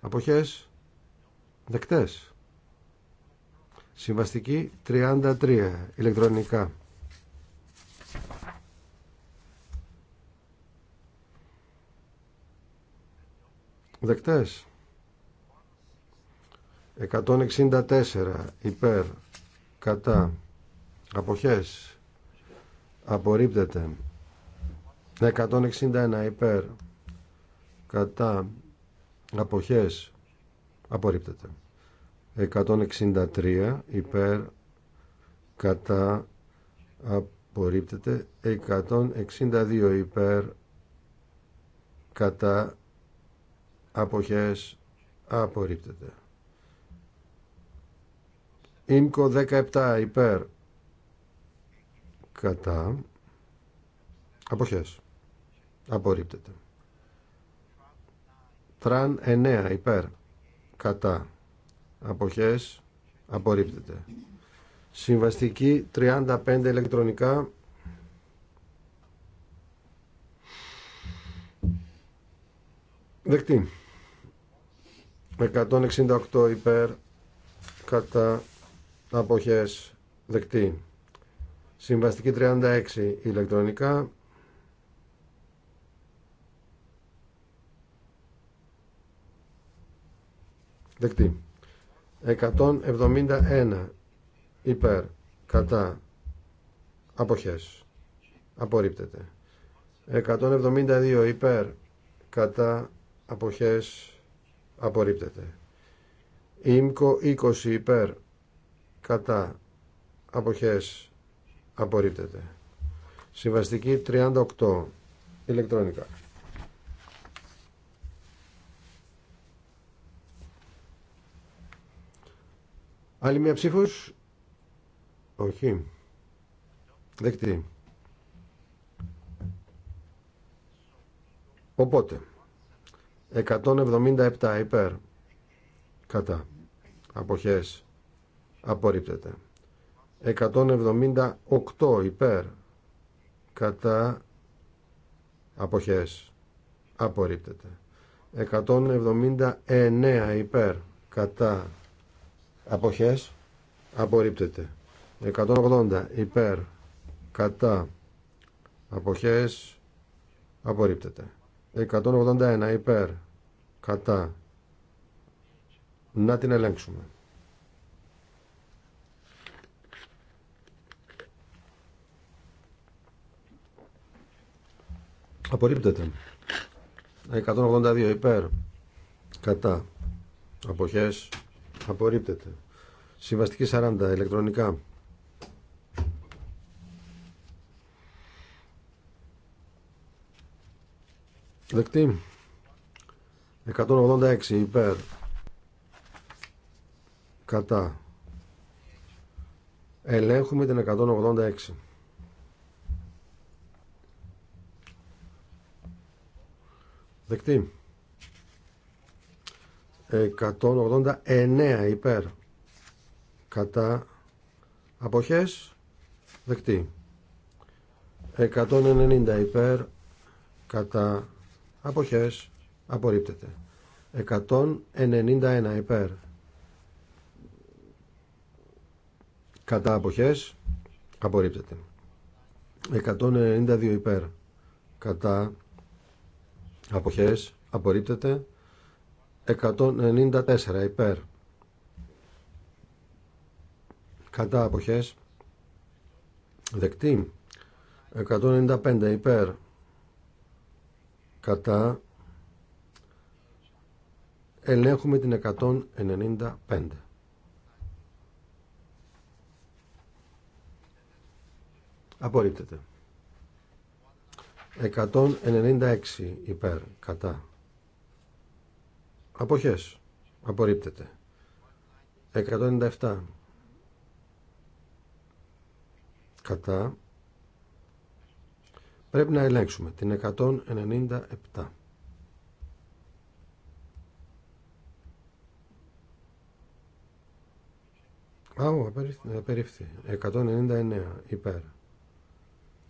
αποχές δεκτές συμβαστική 33 ηλεκτρονικά δεκτές 164 υπέρ κατά αποχές απορρίπτεται 161 υπέρ κατά αποχές απορρίπτεται 163 υπέρ κατά απορρίπτεται 162 υπέρ κατά αποχές απορρίπτεται Ήμκο 17 υπέρ κατά αποχές απορρίπτεται τραν 9 υπέρ κατά αποχές απορρίπτεται συμβαστική 35 ηλεκτρονικά δεκτή 168 υπέρ κατά αποχές δεκτή συμβαστική 36 ηλεκτρονικά δεκτή 171 υπέρ κατά αποχές απορρίπτεται 172 υπέρ κατά αποχές απορρίπτεται ΙΜΚΟ 20 υπέρ κατά αποχές απορρίπτεται συμβαστική 38 ηλεκτρονικά άλλη μια ψήφος όχι δεκτή οπότε 177 υπέρ κατά αποχές απορρίπτεται 178 υπέρ κατά αποχές απορρίπτεται 179 υπέρ κατά αποχές απορρίπτεται 180 υπέρ κατά αποχές απορρίπτεται 181 υπέρ κατά να την ελέγξουμε Απορρίπτεται. 182 υπέρ. Κατά. Αποχές. Απορρίπτεται. Συμβαστική 40 ηλεκτρονικά. Δεκτή. 186 υπέρ. Κατά. Ελέγχουμε την 186. Δεκτή. 189 υπέρ. Κατά αποχές. Δεκτή. 190 υπέρ. Κατά αποχές. Απορρίπτεται. 191 υπέρ. Κατά αποχές. Απορρίπτεται. 192 υπέρ. Κατά αποχές απορρίπτεται 194 υπέρ κατά αποχές δεκτή 195 υπέρ κατά ελέγχουμε την 195 απορρίπτεται 196 υπέρ κατά αποχές απορρίπτεται 197 κατά πρέπει να ελέγξουμε την 197 Α, απερίφθη, 199 υπέρ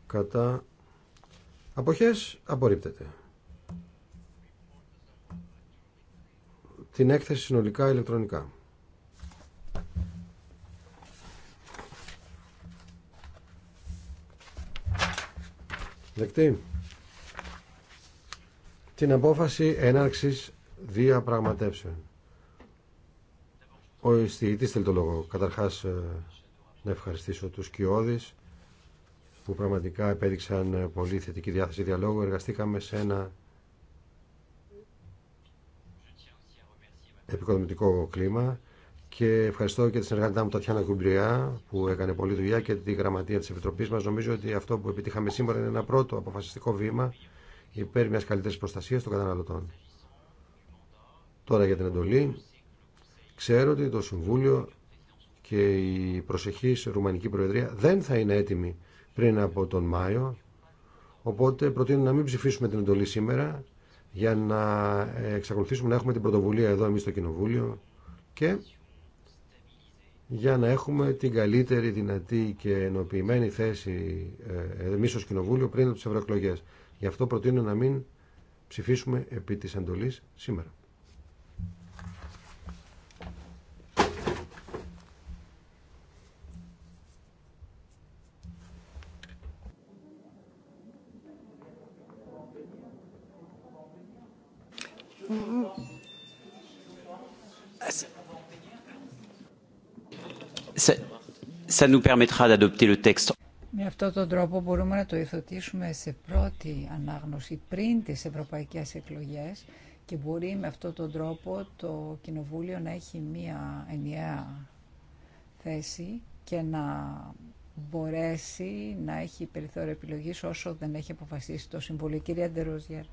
κατά Αποχές απορρίπτεται. Την έκθεση συνολικά ηλεκτρονικά. Δεκτή. Την απόφαση έναρξης διαπραγματεύσεων. Ο εισηγητής θέλει το λόγο. Καταρχάς ε, να ευχαριστήσω τους κοιόδης που πραγματικά επέδειξαν πολύ θετική διάθεση διαλόγου. Εργαστήκαμε σε ένα επικοδομητικό κλίμα και ευχαριστώ και τη συνεργάτητά μου Τατιάνα Κουμπριά που έκανε πολλή δουλειά και τη γραμματεία της Επιτροπής μας. Νομίζω ότι αυτό που επιτύχαμε σήμερα είναι ένα πρώτο αποφασιστικό βήμα υπέρ μιας καλύτερης προστασίας των καταναλωτών. Τώρα για την εντολή. Ξέρω ότι το Συμβούλιο και η προσεχής Ρουμανική Προεδρία δεν θα είναι έτοιμη πριν από τον Μάιο. Οπότε προτείνω να μην ψηφίσουμε την εντολή σήμερα για να εξακολουθήσουμε να έχουμε την πρωτοβουλία εδώ εμείς στο Κοινοβούλιο και για να έχουμε την καλύτερη, δυνατή και ενοποιημένη θέση ε, εμείς ως Κοινοβούλιο πριν από τις ευρωεκλογές. Γι' αυτό προτείνω να μην ψηφίσουμε επί της εντολής σήμερα. Με αυτόν τον τρόπο μπορούμε να το ηθοτήσουμε σε πρώτη ανάγνωση πριν τις ευρωπαϊκές εκλογές και μπορεί με αυτόν τον τρόπο το Κοινοβούλιο να έχει μία ενιαία θέση και να μπορέσει να έχει περιθώριο επιλογής όσο δεν έχει αποφασίσει το Συμβούλιο. Κυρία Ντεροζιέρ.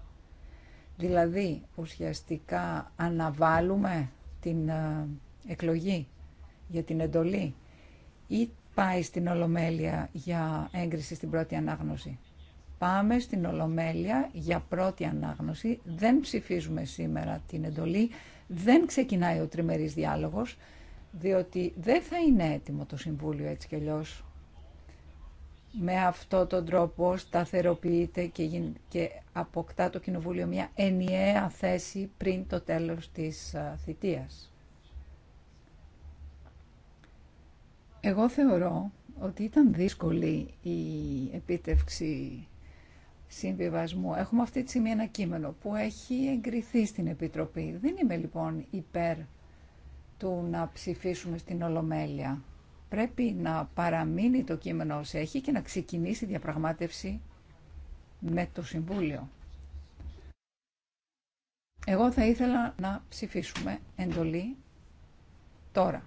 Δηλαδή, ουσιαστικά αναβάλουμε την ε, εκλογή για την εντολή ή πάει στην Ολομέλεια για έγκριση στην πρώτη ανάγνωση. Πάμε στην Ολομέλεια για πρώτη ανάγνωση, δεν ψηφίζουμε σήμερα την εντολή, δεν ξεκινάει ο τριμερής διάλογος, διότι δεν θα είναι έτοιμο το Συμβούλιο έτσι κι αλλιώς με αυτό τον τρόπο σταθεροποιείται και, και αποκτά το Κοινοβούλιο μια ενιαία θέση πριν το τέλος της θητείας. Εγώ θεωρώ ότι ήταν δύσκολη η επίτευξη συμβιβασμού. Έχουμε αυτή τη στιγμή ένα κείμενο που έχει εγκριθεί στην Επιτροπή. Δεν είμαι λοιπόν υπέρ του να ψηφίσουμε στην Ολομέλεια πρέπει να παραμείνει το κείμενο όσο έχει και να ξεκινήσει διαπραγμάτευση με το Συμβούλιο. Εγώ θα ήθελα να ψηφίσουμε εντολή τώρα.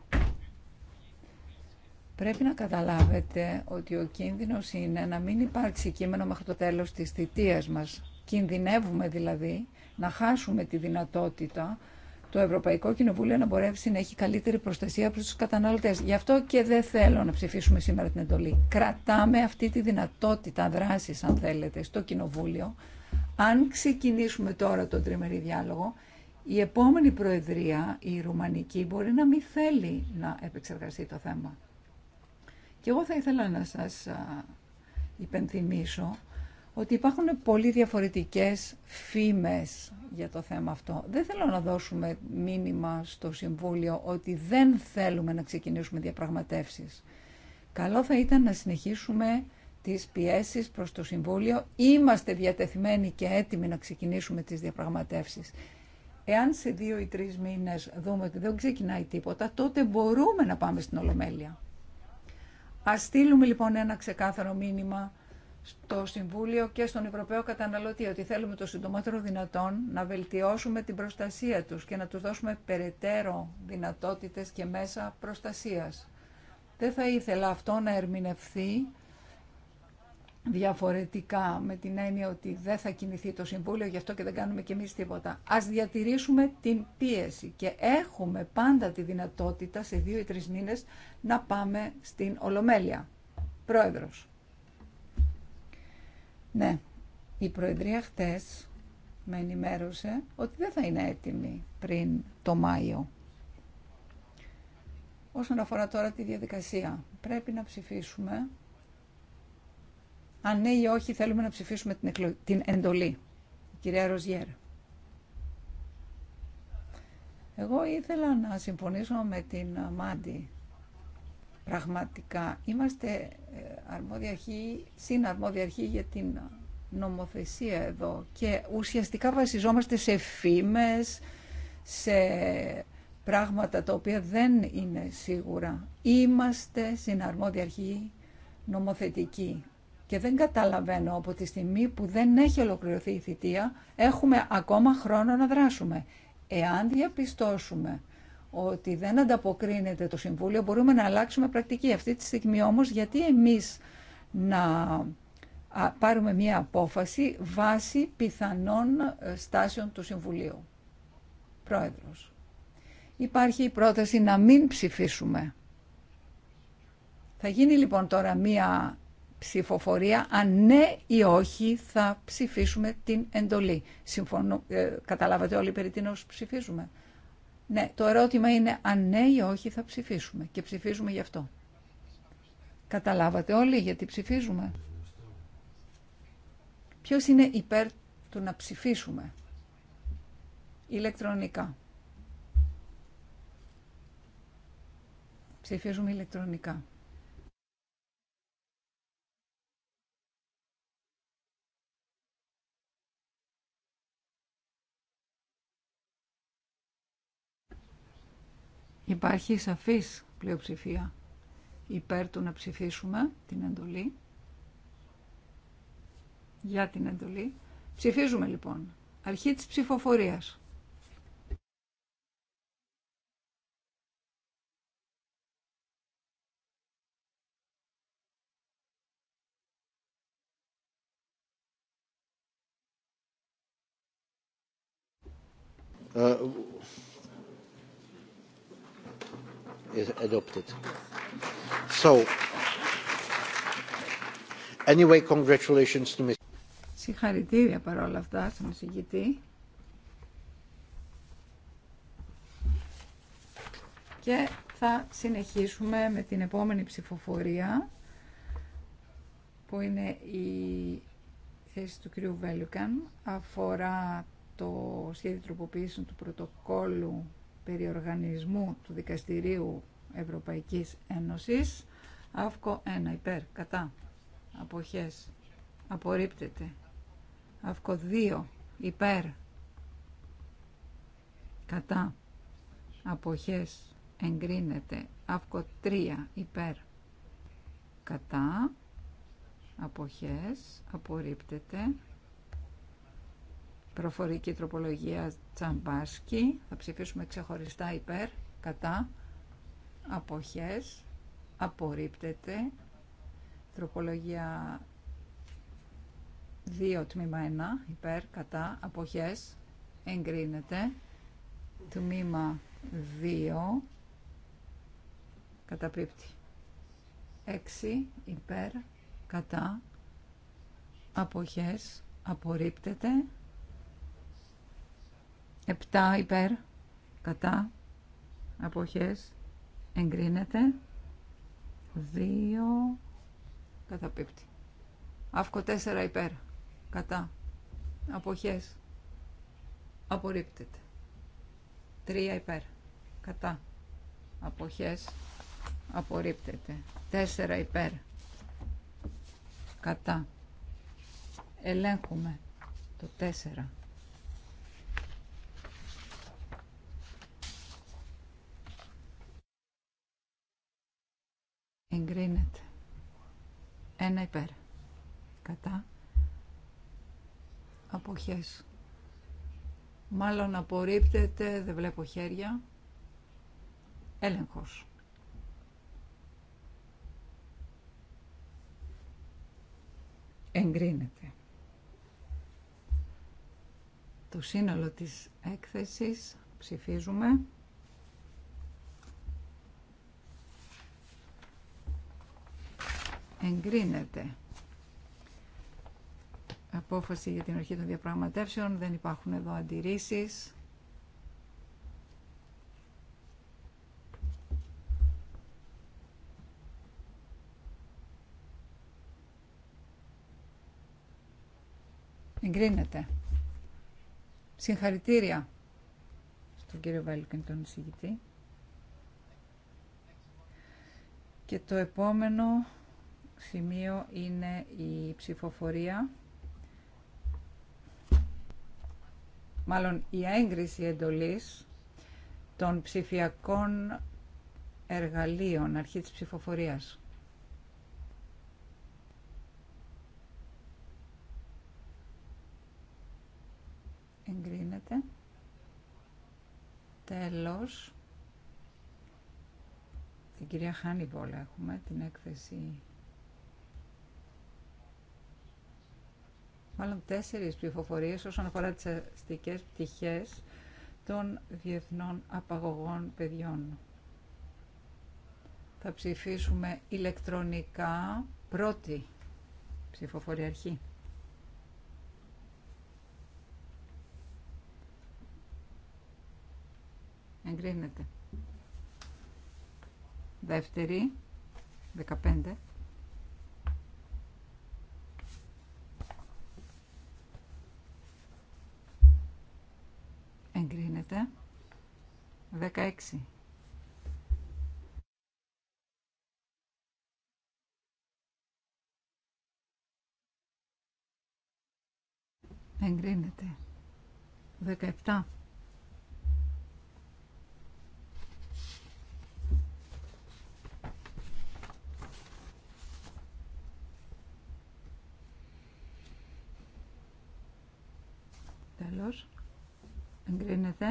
Πρέπει να καταλάβετε ότι ο κίνδυνος είναι να μην υπάρξει κείμενο μέχρι το τέλος της θητείας μας. Κινδυνεύουμε δηλαδή να χάσουμε τη δυνατότητα το Ευρωπαϊκό Κοινοβούλιο να μπορέσει να έχει καλύτερη προστασία προς τους καταναλωτές. Γι' αυτό και δεν θέλω να ψηφίσουμε σήμερα την εντολή. Κρατάμε αυτή τη δυνατότητα δράσης, αν θέλετε, στο Κοινοβούλιο. Αν ξεκινήσουμε τώρα τον τριμερή διάλογο, η επόμενη Προεδρία, η Ρουμανική, μπορεί να μην θέλει να επεξεργαστεί το θέμα. Και εγώ θα ήθελα να σας υπενθυμίσω ότι υπάρχουν πολύ διαφορετικές φήμες για το θέμα αυτό. Δεν θέλω να δώσουμε μήνυμα στο Συμβούλιο ότι δεν θέλουμε να ξεκινήσουμε διαπραγματεύσεις. Καλό θα ήταν να συνεχίσουμε τις πιέσεις προς το Συμβούλιο. Είμαστε διατεθειμένοι και έτοιμοι να ξεκινήσουμε τις διαπραγματεύσεις. Εάν σε δύο ή τρεις μήνες δούμε ότι δεν ξεκινάει τίποτα, τότε μπορούμε να πάμε στην Ολομέλεια. Α στείλουμε λοιπόν ένα ξεκάθαρο μήνυμα στο Συμβούλιο και στον Ευρωπαίο Καταναλωτή ότι θέλουμε το συντομότερο δυνατόν να βελτιώσουμε την προστασία τους και να τους δώσουμε περαιτέρω δυνατότητες και μέσα προστασίας. Δεν θα ήθελα αυτό να ερμηνευθεί διαφορετικά με την έννοια ότι δεν θα κινηθεί το Συμβούλιο, γι' αυτό και δεν κάνουμε κι εμείς τίποτα. Ας διατηρήσουμε την πίεση και έχουμε πάντα τη δυνατότητα σε δύο ή τρεις μήνες να πάμε στην Ολομέλεια. Πρόεδρος. Ναι, η Προεδρία χτες με ενημέρωσε ότι δεν θα είναι έτοιμη πριν το Μάιο. Όσον αφορά τώρα τη διαδικασία, πρέπει να ψηφίσουμε αν ναι ή όχι θέλουμε να ψηφίσουμε την, την εντολή. Η κυρία Ροζιέρ. Εγώ ήθελα να συμφωνήσω με την Μάντι Πραγματικά είμαστε ε, αρμόδια αρχή, συναρμόδια για την νομοθεσία εδώ και ουσιαστικά βασιζόμαστε σε φήμες, σε πράγματα τα οποία δεν είναι σίγουρα. Είμαστε συναρμόδια αρχή νομοθετική και δεν καταλαβαίνω από τη στιγμή που δεν έχει ολοκληρωθεί η θητεία έχουμε ακόμα χρόνο να δράσουμε. Εάν διαπιστώσουμε ότι δεν ανταποκρίνεται το Συμβούλιο, μπορούμε να αλλάξουμε πρακτική. Αυτή τη στιγμή όμως γιατί εμείς να πάρουμε μία απόφαση βάσει πιθανών ε, στάσεων του Συμβουλίου. Πρόεδρος. Υπάρχει η πρόταση να μην ψηφίσουμε. Θα γίνει λοιπόν τώρα μία ψηφοφορία, αν ναι ή όχι θα ψηφίσουμε την εντολή. Συμφωνώ, ε, καταλάβατε όλοι περί τίνος ψηφίζουμε. Ναι, το ερώτημα είναι αν ναι ή όχι θα ψηφίσουμε και ψηφίζουμε γι' αυτό. Καταλάβατε όλοι γιατί ψηφίζουμε. Ποιος είναι υπέρ του να ψηφίσουμε ηλεκτρονικά. Ψηφίζουμε ηλεκτρονικά. Υπάρχει σαφής πλειοψηφία υπέρ του να ψηφίσουμε την εντολή. Για την εντολή. Ψηφίζουμε λοιπόν. Αρχή της ψηφοφορίας. Ε, is adopted. So, anyway, congratulations to Συγχαρητήρια παρόλα αυτά στον εισηγητή. Και θα συνεχίσουμε με την επόμενη ψηφοφορία που είναι η θέση του κυρίου Βέλουκαν αφορά το σχέδιο τροποποίησης του πρωτοκόλου περιοργανισμού του Δικαστηρίου Ευρωπαϊκής Ένωσης. Αύκο 1 υπέρ, κατά, αποχές, απορρίπτεται. Αύκο 2 υπέρ, κατά, αποχές, εγκρίνεται. Αύκο 3 υπέρ, κατά, αποχές, απορρίπτεται. Προφορική τροπολογία Τσαμπάσκι. Θα ψηφίσουμε ξεχωριστά υπέρ, κατά, αποχές, απορρίπτεται. Τροπολογία 2 τμήμα 1 υπέρ, κατά, αποχές, εγκρίνεται. Τμήμα 2 καταπίπτει. 6 υπέρ, κατά, αποχές, απορρίπτεται. 7 υπέρ κατά αποχές εγκρίνεται 2 καταπίπτει αύκο 4 υπέρ κατά αποχές απορρίπτεται 3 υπέρ κατά αποχές απορρίπτεται 4 υπέρ κατά ελέγχουμε το 4 Ένα υπέρ. Κατά. Αποχές. Μάλλον απορρίπτεται, δεν βλέπω χέρια. Έλεγχος. Εγκρίνεται. Το σύνολο της έκθεσης ψηφίζουμε. εγκρίνεται. Απόφαση για την αρχή των διαπραγματεύσεων. Δεν υπάρχουν εδώ αντιρρήσεις. Εγκρίνεται. Συγχαρητήρια στον κύριο Βέλκεν, τον εισηγητή. Και το επόμενο σημείο είναι η ψηφοφορία, μάλλον η έγκριση εντολής των ψηφιακών εργαλείων, αρχή της ψηφοφορίας. Εγκρίνεται. Τέλος. Την κυρία χάνιβόλα έχουμε την έκθεση μάλλον τέσσερι ψηφοφορίε όσον αφορά τι αστικέ πτυχέ των διεθνών απαγωγών παιδιών. Θα ψηφίσουμε ηλεκτρονικά πρώτη ψηφοφορία αρχή. Εγκρίνεται. Δεύτερη, 15. γίνεται. 16. Εγκρίνεται. 17. Τέλος. Εγκρίνεται.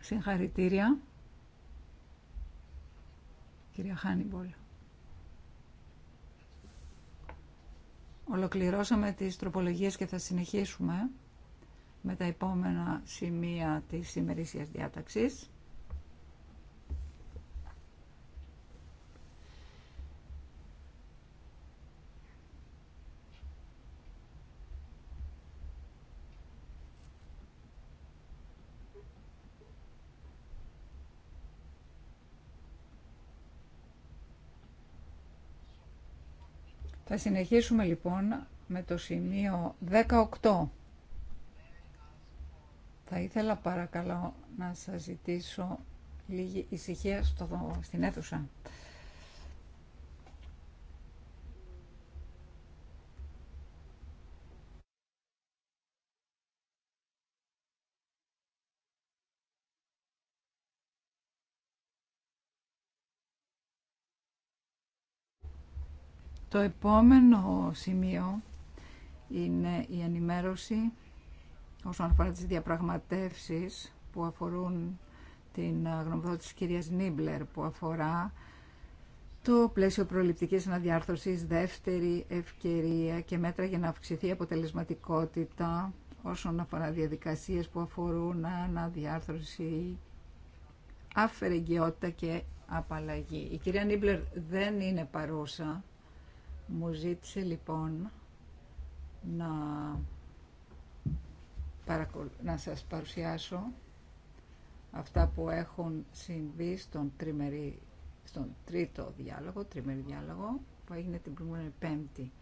Συγχαρητήρια. Κυρία Χάνιμπολ. Ολοκληρώσαμε τις τροπολογίες και θα συνεχίσουμε με τα επόμενα σημεία της ημερήσιας διάταξης. Θα συνεχίσουμε λοιπόν με το σημείο 18. Θα ήθελα παρακαλώ να σας ζητήσω λίγη ησυχία στο, στην αίθουσα. Το επόμενο σημείο είναι η ενημέρωση όσον αφορά τις διαπραγματεύσεις που αφορούν την ε, γνωμοδότηση της κυρίας Νίμπλερ που αφορά το πλαίσιο προληπτικής αναδιάρθρωσης, δεύτερη ευκαιρία και μέτρα για να αυξηθεί η αποτελεσματικότητα όσον αφορά διαδικασίες που αφορούν αναδιάρθρωση, αφαιρεγγιότητα και απαλλαγή. Η κυρία Νίμπλερ δεν είναι παρούσα μου ζήτησε λοιπόν να, σα να σας παρουσιάσω αυτά που έχουν συμβεί στον, τριμερί... στον τρίτο διάλογο, τριμερή διάλογο που έγινε την προηγούμενη πέμπτη.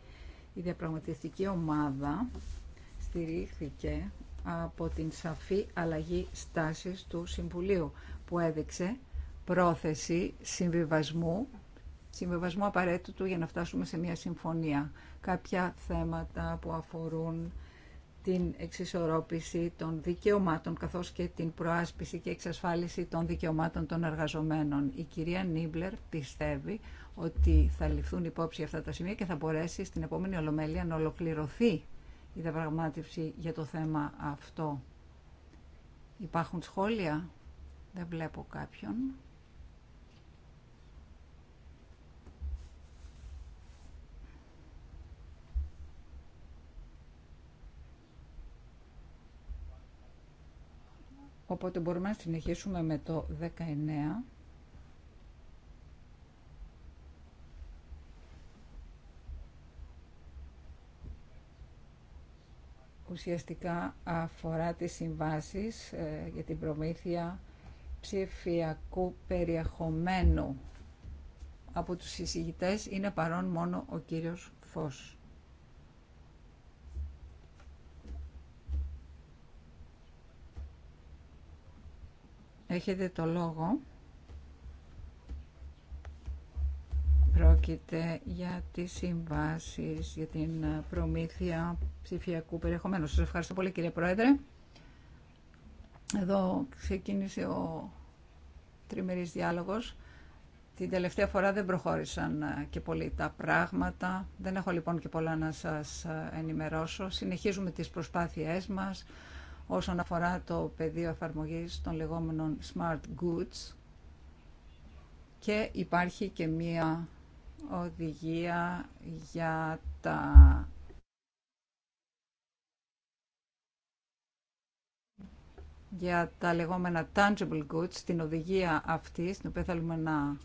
Η διαπραγματευτική ομάδα στηρίχθηκε από την σαφή αλλαγή στάσης του Συμβουλίου που έδειξε πρόθεση συμβιβασμού συμβεβασμό απαραίτητου για να φτάσουμε σε μια συμφωνία. Κάποια θέματα που αφορούν την εξισορρόπηση των δικαιωμάτων καθώς και την προάσπιση και εξασφάλιση των δικαιωμάτων των εργαζομένων. Η κυρία Νίμπλερ πιστεύει ότι θα ληφθούν υπόψη αυτά τα σημεία και θα μπορέσει στην επόμενη Ολομέλεια να ολοκληρωθεί η διαπραγμάτευση για το θέμα αυτό. Υπάρχουν σχόλια? Δεν βλέπω κάποιον. Οπότε μπορούμε να συνεχίσουμε με το 19. Ουσιαστικά αφορά τις συμβάσεις ε, για την προμήθεια ψηφιακού περιεχομένου. Από τους συζητητές είναι παρόν μόνο ο κύριος Φως. Έχετε το λόγο. Πρόκειται για τις συμβάσεις, για την προμήθεια ψηφιακού περιεχομένου. Σας ευχαριστώ πολύ κύριε Πρόεδρε. Εδώ ξεκίνησε ο τριμερής διάλογος. Την τελευταία φορά δεν προχώρησαν ε, και πολύ τα πράγματα. Δεν έχω λοιπόν και πολλά να σας ε, ενημερώσω. Συνεχίζουμε τις προσπάθειές μας όσον αφορά το πεδίο εφαρμογής των λεγόμενων smart goods και υπάρχει και μία οδηγία για τα για τα λεγόμενα tangible goods, την οδηγία αυτή, στην οποία θέλουμε να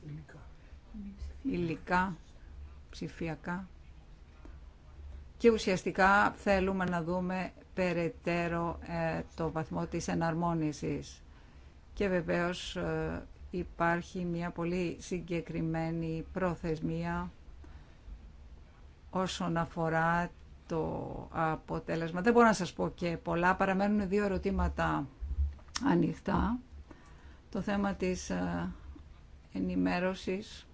υλικά ψηφιακά. Και ουσιαστικά θέλουμε να δούμε περαιτέρω ε, το βαθμό της εναρμόνισης. Και βεβαίως ε, υπάρχει μια πολύ συγκεκριμένη προθεσμία όσον αφορά το αποτέλεσμα. Δεν μπορώ να σας πω και πολλά, παραμένουν δύο ερωτήματα ανοιχτά. Το θέμα της ε, ενημέρωσης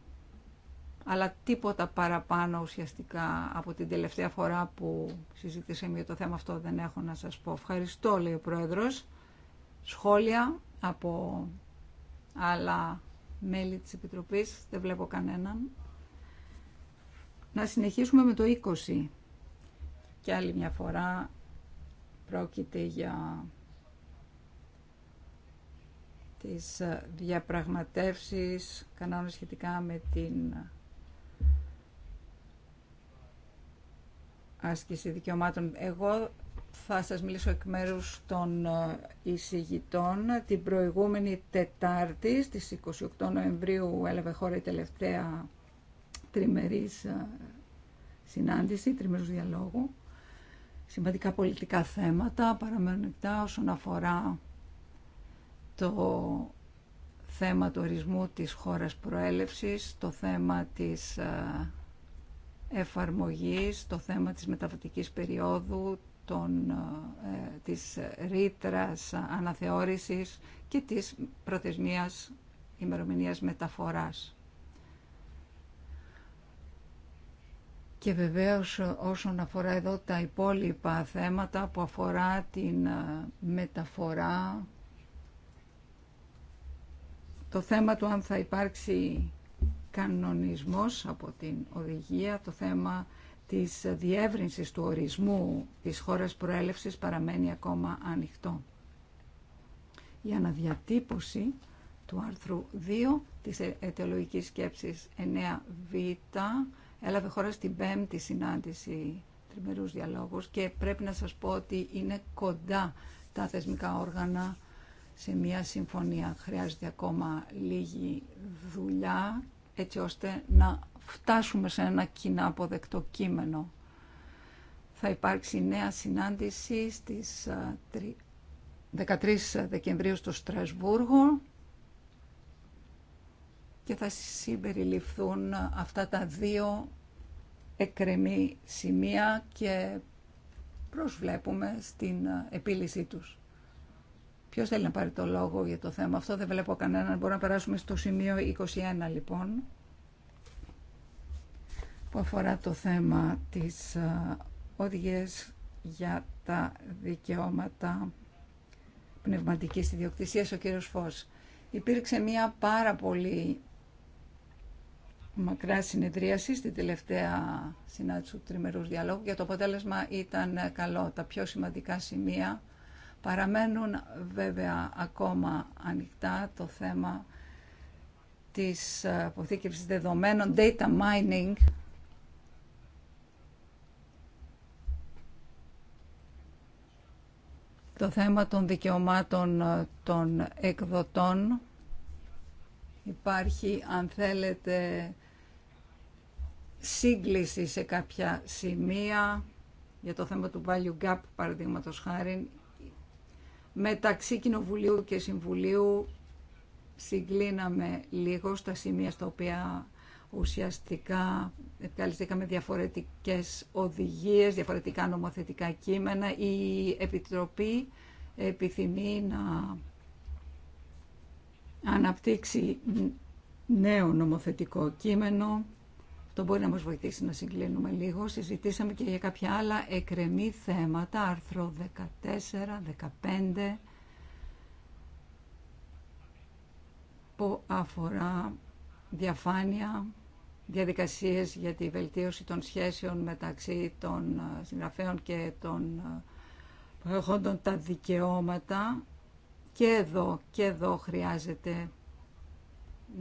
αλλά τίποτα παραπάνω ουσιαστικά από την τελευταία φορά που συζήτησαμε για το θέμα αυτό δεν έχω να σας πω. Ευχαριστώ, λέει ο Πρόεδρος. Σχόλια από άλλα μέλη της Επιτροπής, δεν βλέπω κανέναν. Να συνεχίσουμε με το 20. Και άλλη μια φορά πρόκειται για τις διαπραγματεύσεις κανόνες σχετικά με την άσκηση δικαιωμάτων. Εγώ θα σας μιλήσω εκ μέρους των ε, εισηγητών. Την προηγούμενη Τετάρτη, στις 28 Νοεμβρίου, έλαβε χώρα η τελευταία τριμερής ε, συνάντηση, τριμερούς διαλόγου. Σημαντικά πολιτικά θέματα παραμένουν όσον αφορά το θέμα του ορισμού της χώρας προέλευσης, το θέμα της ε, εφαρμογής, το θέμα της μεταβατικής περίοδου, των, ε, της ρήτρα αναθεώρησης και της προθεσμίας ημερομηνίας μεταφοράς. Και βεβαίως όσον αφορά εδώ τα υπόλοιπα θέματα που αφορά την ε, μεταφορά, το θέμα του αν θα υπάρξει κανονισμός από την οδηγία, το θέμα της διεύρυνσης του ορισμού της χώρας προέλευσης παραμένει ακόμα ανοιχτό. Η αναδιατύπωση του άρθρου 2 της αιτιολογικής σκέψης 9β έλαβε χώρα στην πέμπτη συνάντηση τριμερούς διαλόγους και πρέπει να σας πω ότι είναι κοντά τα θεσμικά όργανα σε μια συμφωνία. Χρειάζεται ακόμα λίγη δουλειά έτσι ώστε να φτάσουμε σε ένα κοινά αποδεκτό κείμενο. Θα υπάρξει νέα συνάντηση στις 13 Δεκεμβρίου στο Στρασβούργο και θα συμπεριληφθούν αυτά τα δύο εκρεμή σημεία και προσβλέπουμε στην επίλυσή τους. Ποιος θέλει να πάρει το λόγο για το θέμα αυτό, δεν βλέπω κανέναν. Μπορούμε να περάσουμε στο σημείο 21 λοιπόν, που αφορά το θέμα της ε, οδηγίας για τα δικαιώματα πνευματικής ιδιοκτησίας, ο κύριος Φως. Υπήρξε μια πάρα πολύ μακρά συνεδρίαση στη τελευταία συνάντηση του τριμερούς διαλόγου και το αποτέλεσμα ήταν καλό. Τα πιο σημαντικά σημεία Παραμένουν βέβαια ακόμα ανοιχτά το θέμα της ε, αποθήκευσης δεδομένων, data mining. Το θέμα των δικαιωμάτων ε, των εκδοτών υπάρχει, αν θέλετε, σύγκληση σε κάποια σημεία για το θέμα του value gap, παραδείγματος χάρη, μεταξύ Κοινοβουλίου και Συμβουλίου συγκλίναμε λίγο στα σημεία στα οποία ουσιαστικά επικαλυστήκαμε διαφορετικές οδηγίες, διαφορετικά νομοθετικά κείμενα. Η Επιτροπή επιθυμεί να αναπτύξει νέο νομοθετικό κείμενο αυτό μπορεί να μας βοηθήσει να συγκλίνουμε λίγο. Συζητήσαμε και για κάποια άλλα εκρεμή θέματα, άρθρο 14, 15, που αφορά διαφάνεια, διαδικασίες για τη βελτίωση των σχέσεων μεταξύ των ε, συγγραφέων και των ε, προεχόντων, τα δικαιώματα. Και εδώ, και εδώ χρειάζεται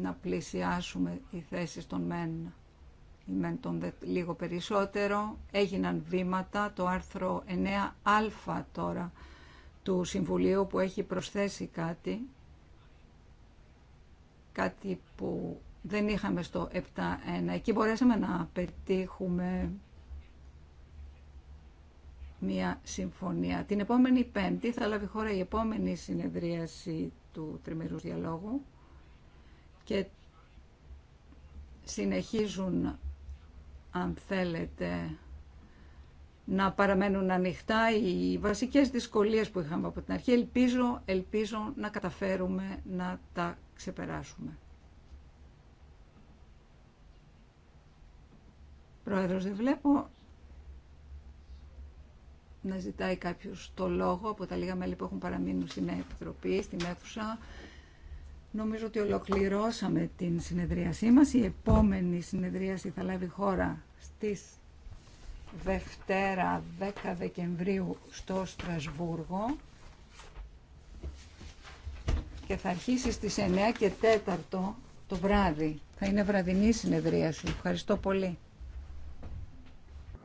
να πλησιάσουμε οι θέσεις των μεν ή μεν τον λίγο περισσότερο, έγιναν βήματα, το άρθρο 9α τώρα του Συμβουλίου που έχει προσθέσει κάτι, κάτι που δεν είχαμε στο 7-1 Εκεί μπορέσαμε να πετύχουμε μια συμφωνία. Την επόμενη πέμπτη θα λάβει χώρα η επόμενη συνεδρίαση του τριμερούς διαλόγου και συνεχίζουν αν θέλετε, να παραμένουν ανοιχτά οι βασικές δυσκολίες που είχαμε από την αρχή. Ελπίζω, ελπίζω να καταφέρουμε να τα ξεπεράσουμε. Πρόεδρος δεν βλέπω να ζητάει κάποιος το λόγο από τα λίγα μέλη που έχουν παραμείνει στην Επιτροπή, στην αίθουσα. Νομίζω ότι ολοκληρώσαμε την συνεδρίασή μας. Η επόμενη συνεδρίαση θα λάβει χώρα στις Δευτέρα 10 Δεκεμβρίου στο Στρασβούργο και θα αρχίσει στις 9 και 4 το βράδυ. Θα είναι βραδινή συνεδρίαση. Ευχαριστώ πολύ.